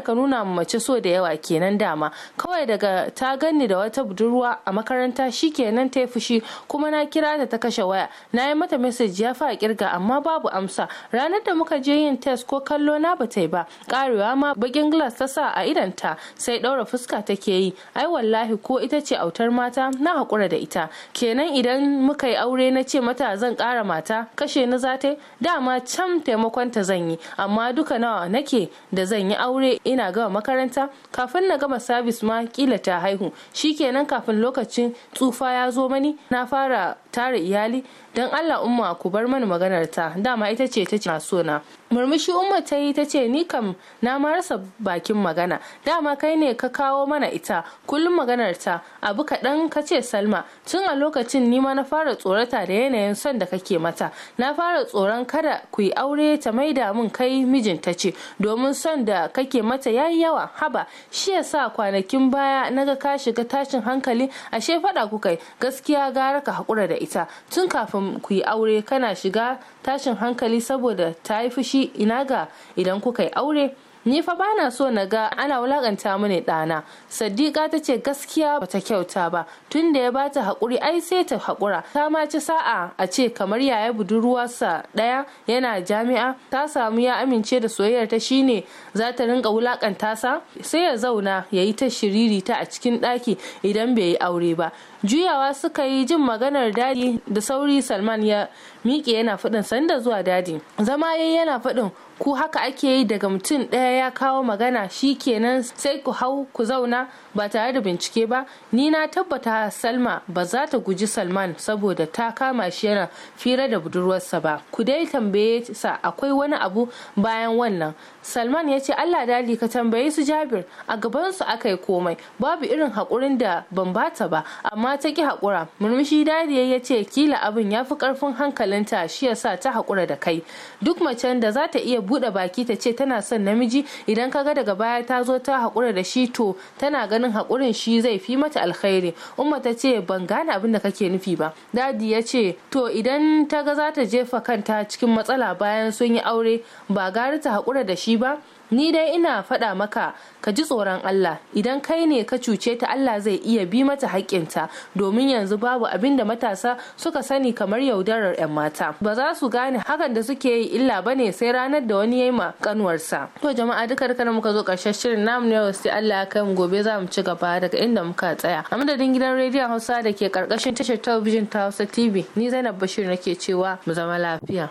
[SPEAKER 12] ka nuna ma mace so da yawa kenan dama kawai daga ta ganni da wata budurwa a makaranta shikenan ta yi fushi kuma na kira ta ta kashe waya na yi mata mesej ya fa kirga amma amma babu amsa ranar da muka je yin test ko kallo na ba ta yi ba karewa ma bakin glass ta sa a idanta sai daura fuska take yi ai wallahi ko ita ce autar mata na hakura da ita kenan idan muka yi aure na ce mata zan kara mata kashe ni za ta dama can taimakon ta zan yi amma duka nawa nake da zan yi aure ina gama makaranta kafin na gama sabis ma kila ta haihu shi kenan kafin lokacin tsufa ya zo mani na fara tara iyali don allah umma ku bar mani maganar ta dama ita ce ta ce na so na murmushi umma ta yi ta ce ni kam na marasa bakin magana dama kai ne ka kawo mana ita kullum maganar ta abu kaɗan ka ce salma tun a lokacin ni ma na fara tsorata da yanayin son da kake mata na fara tsoron kada ku yi aure ta maida mun kai mijinta ce domin son da kake mata ya yi yawa haba shi ya sa kwanakin baya naga ka shiga tashin hankali ashe faɗa ku kai gaskiya gara ka haƙura da ita tun kafin ku yi aure kana shiga tashin hankali saboda ta yi fushi ina ga idan kuka yi aure ni fa bana so na ga ana wulaƙanta mini ɗana Sadiqa ta ce gaskiya ba ta kyauta ba tun da ya ta haƙuri ai sai ta haƙura ta ma ci sa'a a ce kamar yaya budurwarsa ɗaya yana jami'a ta samu ya amince da soyayyar ta shine za ta rinka wulakanta sa sai ya zauna ya yi ta shiririta a cikin ɗaki idan bai yi aure ba juyawa suka yi jin maganar dadi da sauri salman ya miƙe yana faɗin sanda zuwa dadi zama yayi yana faɗin ku haka ake yi daga mutum ɗaya ya kawo magana shi kenan sai ku hau ku zauna ba tare da bincike ba ni na tabbata salma ba za ta guji salman saboda ta kama shi yana fira da budurwarsa ba ku dai tambaye sa akwai wani abu bayan wannan salman ya ce allah dali ka tambaye su jabir a gaban su aka yi komai babu irin haƙurin da ban bata ba amma ta ki haƙura murmushi dariya ya ce kila abin ya fi ƙarfin hankalinta shi ya sa ta hakura da kai duk macen da za ta iya buɗe baki ta ce tana son namiji idan kaga daga baya ta zo ta hakura da shi to tana ganin hakurin shi zai fi mata alkhairi umma ta ce ban gane abin da kake nufi ba dadi ya ce to idan ta ga za ta jefa kanta cikin matsala bayan sun yi aure ba gari ta hakura da shi ba ni dai ina faɗa maka ka ji tsoron Allah idan kai ne ka cuce ta Allah zai iya bi mata haƙƙinta domin yanzu babu abin da matasa suka sani kamar yaudarar 'yan mata ba za su gane hakan da suke yi illa ba ne sai ranar da wani ya yi ma kanuwarsa to jama'a duka duka muka zo karshen shirin namu ne sai Allah ya kai mu gobe za mu ci gaba daga inda muka tsaya a madadin gidan rediyon Hausa da ke karkashin tashar talabijin ta Hausa TV ni Zainab Bashir nake cewa mu zama lafiya.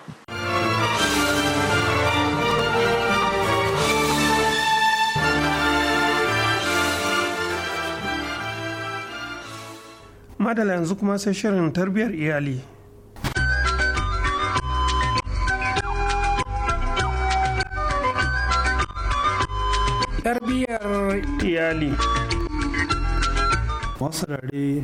[SPEAKER 1] madala yanzu kuma sai shirin tarbiyyar iyali
[SPEAKER 13] tarbiyyar iyali masu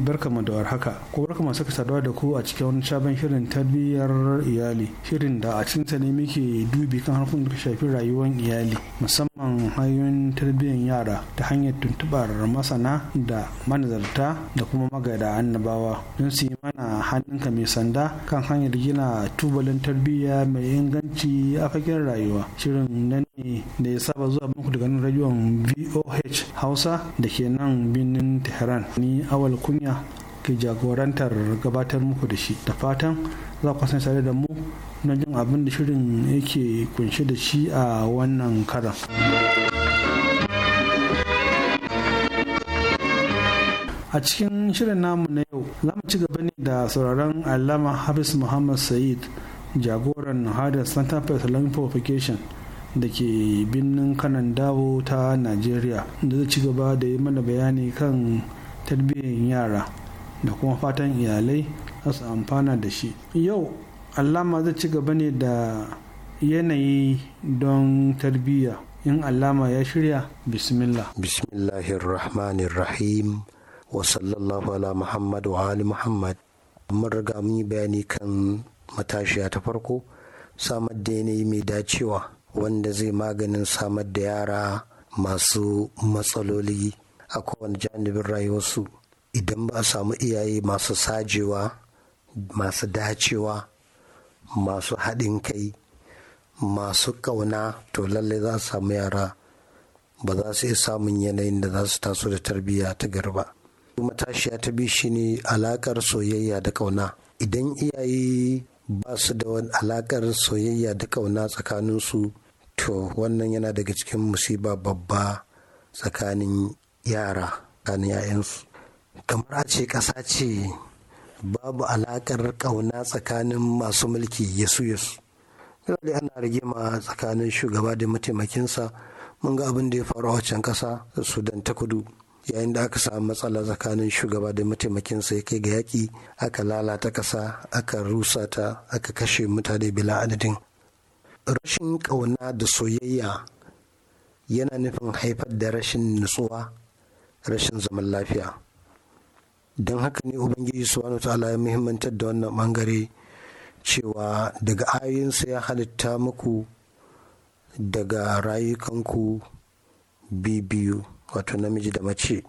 [SPEAKER 13] barkamu da warhaka ko barkamu saka saduwa da ku a cikin wani sabon shirin tarbiyyar iyali shirin da a cikinsa ne muke dubi kan harkokin da shafi rayuwar iyali musamman hanyoyin tarbiyyar yara ta hanyar tuntubar masana da manazarta da kuma magada annabawa don su yi mana hannunka mai sanda kan hanyar gina tubalin tarbiyya mai inganci a fagen rayuwa shirin nan ne da ya saba zuwa muku daga nan rajiyon voh hausa da ke nan birnin tehran ni yi awal kunya ke jagorantar gabatar muku da shi da fatan za ku san da mu na jin abin da shirin yake kunshe da shi a wannan karan. a cikin shirin namu na yau za mu ci gaba ne da sauraron alama hafiz muhammad said jagoran hadar center for islamic purification da ke birnin kanan dawo ta nigeria da zai ci gaba da yi mana bayani kan tarbiyyar yara da kuma fatan iyalai za su amfana da shi yau alama zai ci gaba ne da yanayi don tarbiyya in
[SPEAKER 14] allama ya shirya bismillah bismillahirrahmanirrahim wa sallallahu ala muhammad wa ali muhammad mun riga mun yi bayani kan matashiya ta farko samar da yanayi mai dacewa wanda zai maganin samar da yara masu matsaloli a kowane janibin rayuwarsu idan ba a samu iyaye masu sajewa masu dacewa masu haɗin kai masu ƙauna to lallai za su samu yara ba za su iya samun yanayin da za su taso da tarbiyya ta garba kuma tashiya ta bi ne alaƙar soyayya da ƙauna idan iyaye ba su da alaƙar soyayya da ƙauna tsakaninsu to wannan yana daga cikin musiba babba tsakanin yara ɗan 'ya'yansu kamar a ce ƙasa ce babu alaƙar ƙauna tsakanin masu mulki yesu yesu dole ana ma tsakanin shugaba da mataimakinsa mun ga abin da ya faru a wancan ƙasa sudan ta kudu yayin da aka samu matsala tsakanin shugaba da mataimakinsa ya kai ga yaƙi aka lalata ƙasa aka rusa ta aka kashe mutane bila adadin rashin ƙauna da soyayya yana nufin haifar da rashin nutsuwa rashin zaman lafiya don haka ne ubangiji subhanahu ta'ala ya muhimmantar da wannan bangare cewa daga ayoyinsa ya halitta muku daga rayukanku bi-biyu? wato namiji da mace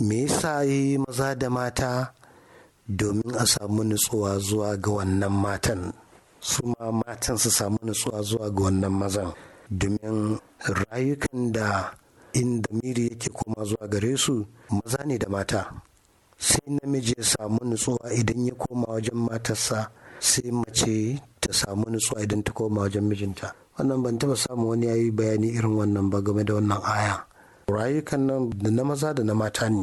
[SPEAKER 14] me yasa yi maza da mata domin a samu nutsuwa zuwa ga wannan matan su ma matan su samu nutsuwa zuwa ga wannan mazan domin rayukan da inda miri yake koma zuwa gare su maza ne da mata sai namiji ya samu nutsuwa idan ya koma wajen matarsa sai mace ta samu nutsuwa idan ta koma wajen mijinta wannan ban taba samun wani yayi bayani irin wannan ba game da wannan aya rayukan nan da na maza da na mata ne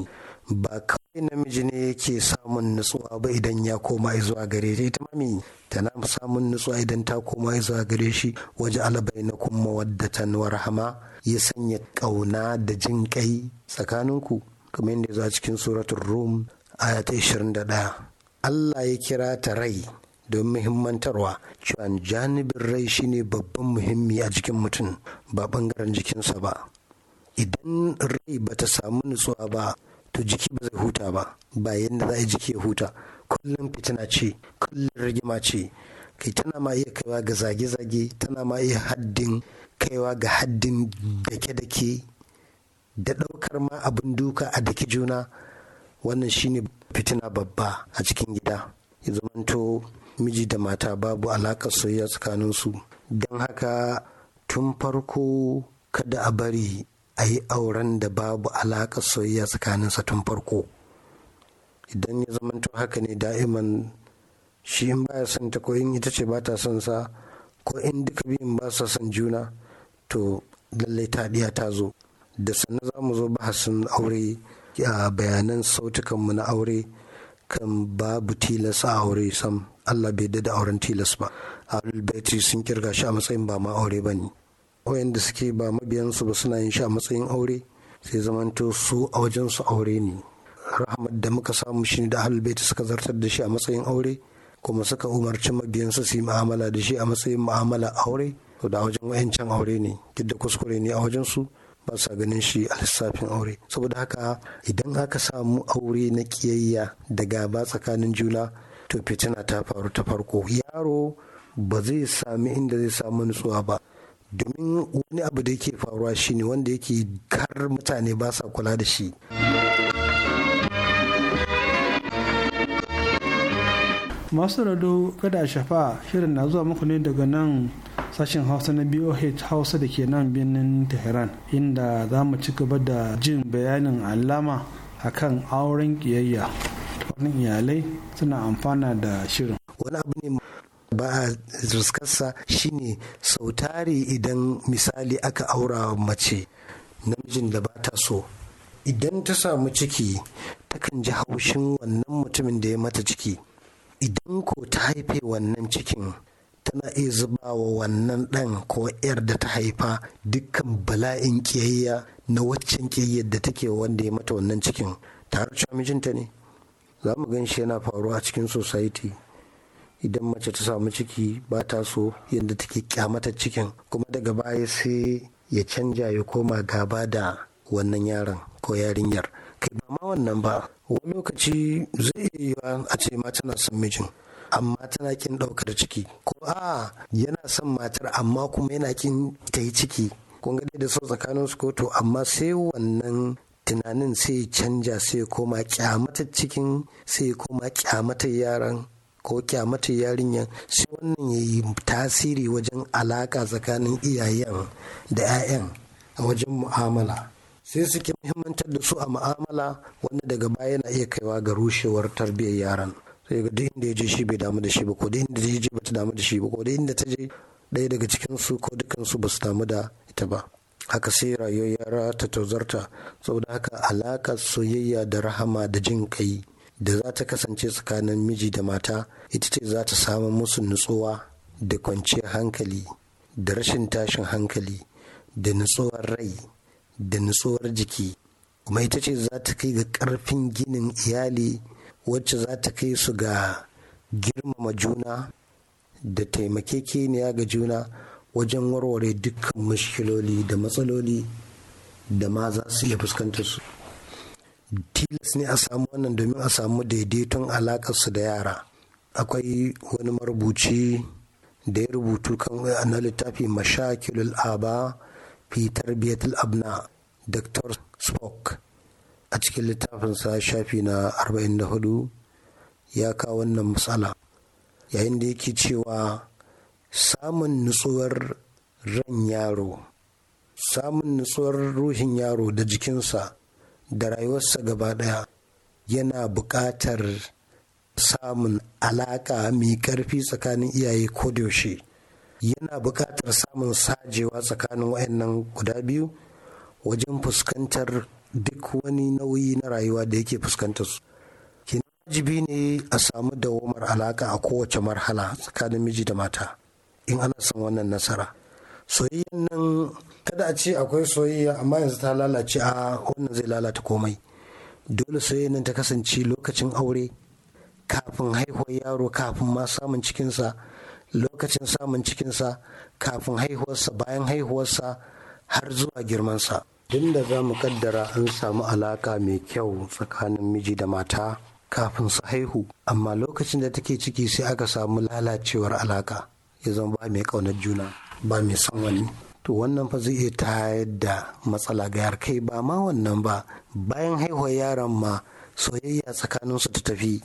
[SPEAKER 14] ba namiji ne yake samun nutsuwa ba idan ya koma zuwa gare shi ita mami tana samun nutsuwa idan ta koma zuwa gare shi waje alabaina na kuma waddatan warhama ya sanya kauna da jin kai tsakaninku kamar yadda zuwa cikin suratun rum aya ta ɗaya. Allah ya kira ta rai don muhimmantarwa cewa janibin rai shine babban muhimmi a jikin mutum ba bangaren jikinsa ba idan rai bata samu nutsuwa ba to jiki ba zai huta ba ba yadda za a jiki ya huta kullum fitina ce kullum rigima ce kai tana ma iya kaiwa ga zage-zage tana ma iya haddin kaiwa ga haddin dake-dake da ɗaukar ma abin duka a dake juna wannan shine fitina babba a cikin gida ya zamanto miji da mata babu alaƙar soyayya tsakaninsu don haka tun farko kada a bari a yi auren da babu alaƙa soyayya tsakaninsa tun farko idan ya zamanto haka ne da'iman shi in baya son ta ko in ita ce ba ta son sa ko in duka biyun ba sa son juna to lallai ta diya ta zo da sannan za mu zo bahasin aure a bayanan sautukanmu na aure kan babu tilas a aure sam Allah bai da auren tilas ba. a sun kirga shi a matsayin ba ma aure ba ne. wayanda suke ba mabiyansu ba suna yin shi a matsayin aure sai zamanto su a wajen su aure ne rahmat da muka samu shi da halbeti suka zartar da shi a matsayin aure kuma suka umarci mabiyansu su yi mu'amala da shi a matsayin mu'amala aure to da wajen wayancan aure ne duk da kuskure ne a wajen su ba sa ganin shi a lissafin aure saboda haka idan aka samu aure na kiyayya da gaba tsakanin juna to fitina ta faru ta farko yaro ba zai sami inda zai samu nutsuwa ba domin wani abu da yake faruwa shine wanda yake kar mutane ba sa kula da shi
[SPEAKER 13] masu rado kada a shafa shirin na zuwa muku ne daga nan sashen hausa na boh hausa da ke nan birnin tehran inda za mu ci gaba da jin bayanin alama akan auren kiyayya
[SPEAKER 14] wani iyalai suna amfana da shirin wani abu ne ba a riskarsa shine sautari idan misali aka aura mace namijin da ba ta so idan ta samu ciki takan ji haushin wannan mutumin da ya mata ciki idan ko ta haife wannan cikin tana iya zuba wa wannan ɗan ko 'yar da ta haifa dukkan bala'in ƙiyayya na waccan ƙiyayyar da take wanda ya mata wannan cikin tare mijinta ne za mu gan shi yana faruwa a cikin society idan mace ta samu ciki ba ta so yadda take kyamata cikin kuma daga baya sai ya canja ya koma gaba da wannan yaron ko yarinyar kai ba ma wannan ba wani lokaci zai iya yi a ce ma tana son mijin amma tana kin ɗaukar ciki ko a yana son matar amma kuma yana kin ta yi ciki kun ga da sau tsakanin su kotu amma sai wannan tunanin sai canja sai koma kyamata cikin sai koma ƙyamata yaran ko kyamata yarinyar sai wannan ya yi tasiri wajen alaka tsakanin iyayen da 'ya'yan a wajen mu'amala sai suke muhimmantar da su a mu'amala wanda daga baya yana iya kaiwa ga rushewar tarbiyyar yaran sai ga duk inda ya je shi bai damu da shi ba ko duk inda ya je bata damu da shi ba ko duk inda ta je ɗaya daga cikin su ko dukkan su basu damu da ita ba haka sai rayuwar yara ta tozarta saboda haka alaka soyayya da rahama da jin kai da za ta kasance tsakanin miji da mata ita ce za ta samu musu nutsuwa da kwanciyar hankali da rashin tashin hankali da nutsuwar rai da nutsuwar jiki kuma ita ce za ta kai ga ƙarfin ginin iyali wacce za ta kai su ga girmama juna da taimake taimakekeniya ga juna wajen warware dukkan mashkiloli da matsaloli da ma za su iya fuskantar su tilas ne a samu wannan domin a samu daidaiton alakarsu da yara akwai wani marubuci da ya rubutu kan na littafi mashakilul aba fi tarbiyatul abna dr spock a cikin littafinsa shafi na 44 ya kawo wannan matsala yayin da yake cewa samun nutsuwar ran yaro samun nutsuwar ruhin yaro da jikinsa da rayuwarsa gaba ɗaya yana buƙatar samun alaƙa mai ƙarfi tsakanin iyaye ko yaushe yana buƙatar samun sajewa tsakanin wayannan guda biyu wajen fuskantar duk wani nauyi na rayuwa da yake fuskantar su kina wajibi ne a samu dawamar alaƙa a kowace marhala tsakanin miji da mata in ana son wannan nasara soyayyen nan kada a ce akwai soyayya amma yanzu ta lalace a wannan zai lalata komai dole soyayya nan ta kasance lokacin aure kafin haihuwar yaro kafin ma samun cikinsa lokacin samun cikinsa kafin haihuwarsa bayan haihuwarsa har zuwa girmansa Duk da za mu kaddara an samu alaka mai kyau tsakanin miji da mata kafin su haihu amma lokacin da take ciki sai aka samu lalacewar alaka ya zama ba mai ƙaunar juna ba mai san wani to wannan fa zai iya tayar da matsala ga kai ba ma wannan ba bayan haihuwar yaron ma soyayya tsakaninsu ta tafi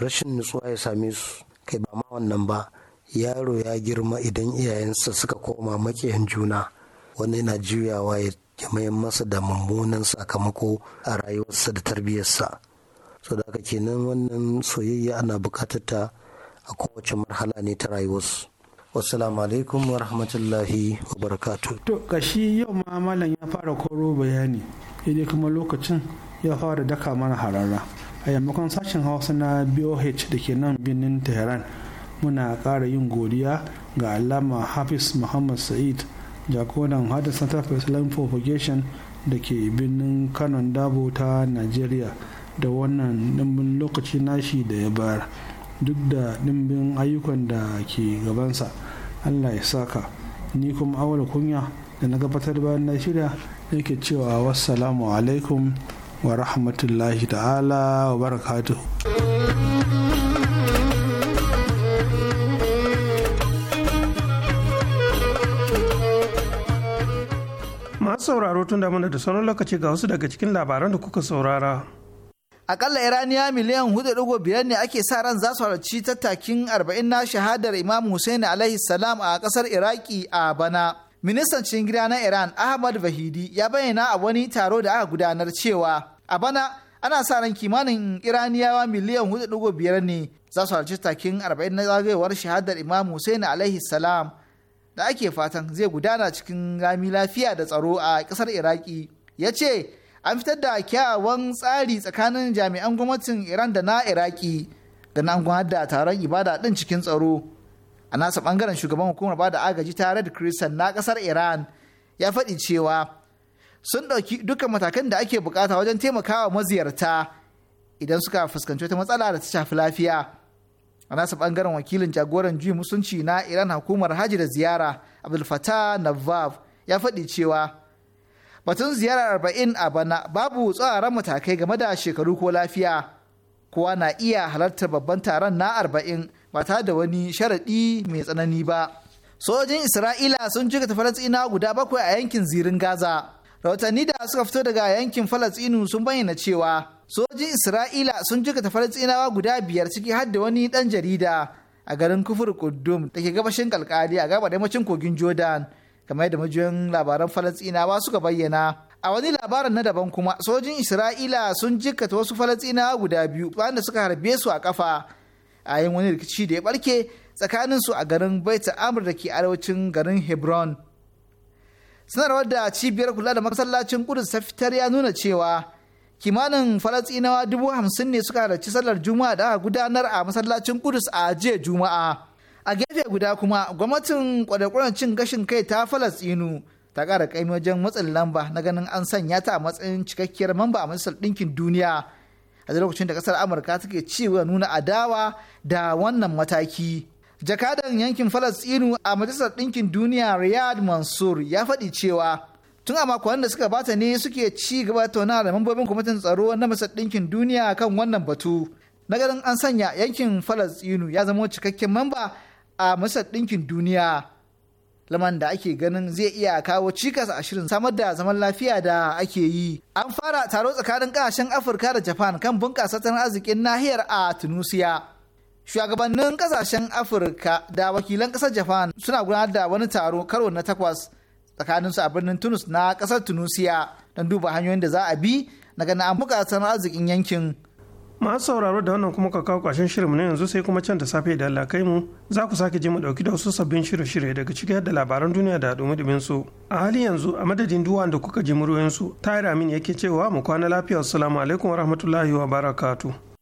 [SPEAKER 14] rashin nutsuwa ya same su kai ba ma wannan ba yaro ya girma idan iyayensa suka koma makiyan juna wani yana juyawa ya mayan masa da mummunan sakamako a rayuwarsa da tarbiyyarsa so da aka kenan wannan soyayya ana bukatar ta a kowace marhala ne ta rayuwarsu wasalamu alaikum wa rahmatullahi wa barakatu to kashi yau ma ya
[SPEAKER 13] fara koro bayani idan kuma lokacin ya fara daka mana harara a yammakon sashen hausa na boh da ke nan birnin tehran muna ƙara yin godiya ga alama hafiz muhammad sa'id jagoran hada center for islam propagation da ke birnin kanon dabo ta nigeria da wannan dimbin lokaci nashi da ya bayar duk da ɗimbin ayyukan da ke gabansa allah ya saka ni kuma awal kunya da na gabatar bayan na shirya yake cewa wassalamu alaikum wa rahmatullahi ta'ala wa barakatu.
[SPEAKER 1] masu sauraro tun da mana da sauran lokaci ga wasu daga cikin labaran da kuka saurara
[SPEAKER 2] akalla iraniya miliyan 4.5 ne ake sa ran za su halarci tattakin 40 na shahadar imam hussein alaihi salam a kasar iraki a bana ministan cikin gida na iran ahmad vahidi ya bayyana a wani taro da aka gudanar cewa a bana ana sa ran kimanin iraniyawa miliyan 4.5 ne za su halarci tattakin 40 na zagayowar shahadar imam hussein alaihi salam da ake fatan zai gudana cikin rami lafiya da tsaro a kasar iraki ya ce an fitar da kyawawan tsari tsakanin jami'an gwamnatin iran da na iraki na an da taron ibada din cikin tsaro a nasa bangaren shugaban hukumar bada agaji tare da kristan na kasar iran ya faɗi cewa sun ɗauki dukkan matakan da ake bukata wajen taimakawa maziyarta idan suka fuskanci wata matsala da ta shafi lafiya a nasa bangaren wakilin jagoran juyin musunci na iran hukumar hajji da ziyara abdul fatah navav ya faɗi cewa batun ziyarar arba'in a bana babu tsaron matakai game da shekaru ko lafiya kowa na iya halartar babban taron na arba'in ba tare da wani sharaɗi mai tsanani ba sojin isra'ila sun ta falastina guda bakwai a yankin zirin gaza rahotanni da suka fito daga yankin falastinu sun bayyana cewa sojojin isra'ila sun ta falastinawa guda biyar ciki har da wani ɗan jarida a garin kufur kudum da ke gabashin kalkali a gabar yammacin kogin jordan kamar yadda majiyoyin labaran falasɗinawa suka bayyana a wani labarin na daban kuma sojin isra'ila sun jikkata wasu falasɗinawa guda biyu bayan da suka harbe su a kafa a yin wani rikici da ya barke tsakanin su a garin baita amur da ke arewacin garin hebron sanarwar da cibiyar kula da masallacin kudus ta fitar ya nuna cewa kimanin falasɗinawa dubu hamsin ne suka halarci sallar juma'a da aka gudanar a masallacin kudus a jiya juma'a a gefe guda kuma gwamnatin kwadakwaran cin gashin kai ta falastinu ta ƙara kaimi wajen matsin lamba na ganin an sanya ta a matsayin cikakkiyar mamba a majalisar ɗinkin duniya a lokacin da kasar amurka take cewa nuna adawa da wannan mataki jakadan yankin falastinu a majalisar ɗinkin duniya riyad mansur ya faɗi cewa tun a makon da suka bata ne suke ci gaba tauna da mambobin kwamitin tsaro na majalisar ɗinkin duniya kan wannan batu na ganin an sanya yankin falastinu ya zama cikakken mamba a masar ɗinkin duniya laman da ake ganin zai iya kawo cikas a shirin samar da zaman lafiya da ake yi an fara taro tsakanin kasashen afirka da japan kan bunƙasa tattalin arzikin nahiyar a tunusiya shugabannin kasashen afirka da wakilan ƙasar japan suna gudanar da wani taro karo na takwas tsakanin su a birnin Tunis na ƙasar tunusiya don duba hanyoyin da za a bi na ganin an bunƙasa tattalin arzikin yankin masu
[SPEAKER 1] sauraro da wannan kuma ka kawo kwashin shirinmu na yanzu sai kuma can da safe da Allah kai mu za ku sake ji mu dauki da wasu sabbin shirye-shirye daga cikin da labaran duniya da dumi su a hali yanzu a madadin duwa da kuka ji muryoyin su tayar amin yake cewa mu kwana lafiya assalamu alaikum wa rahmatullahi wa barakatu.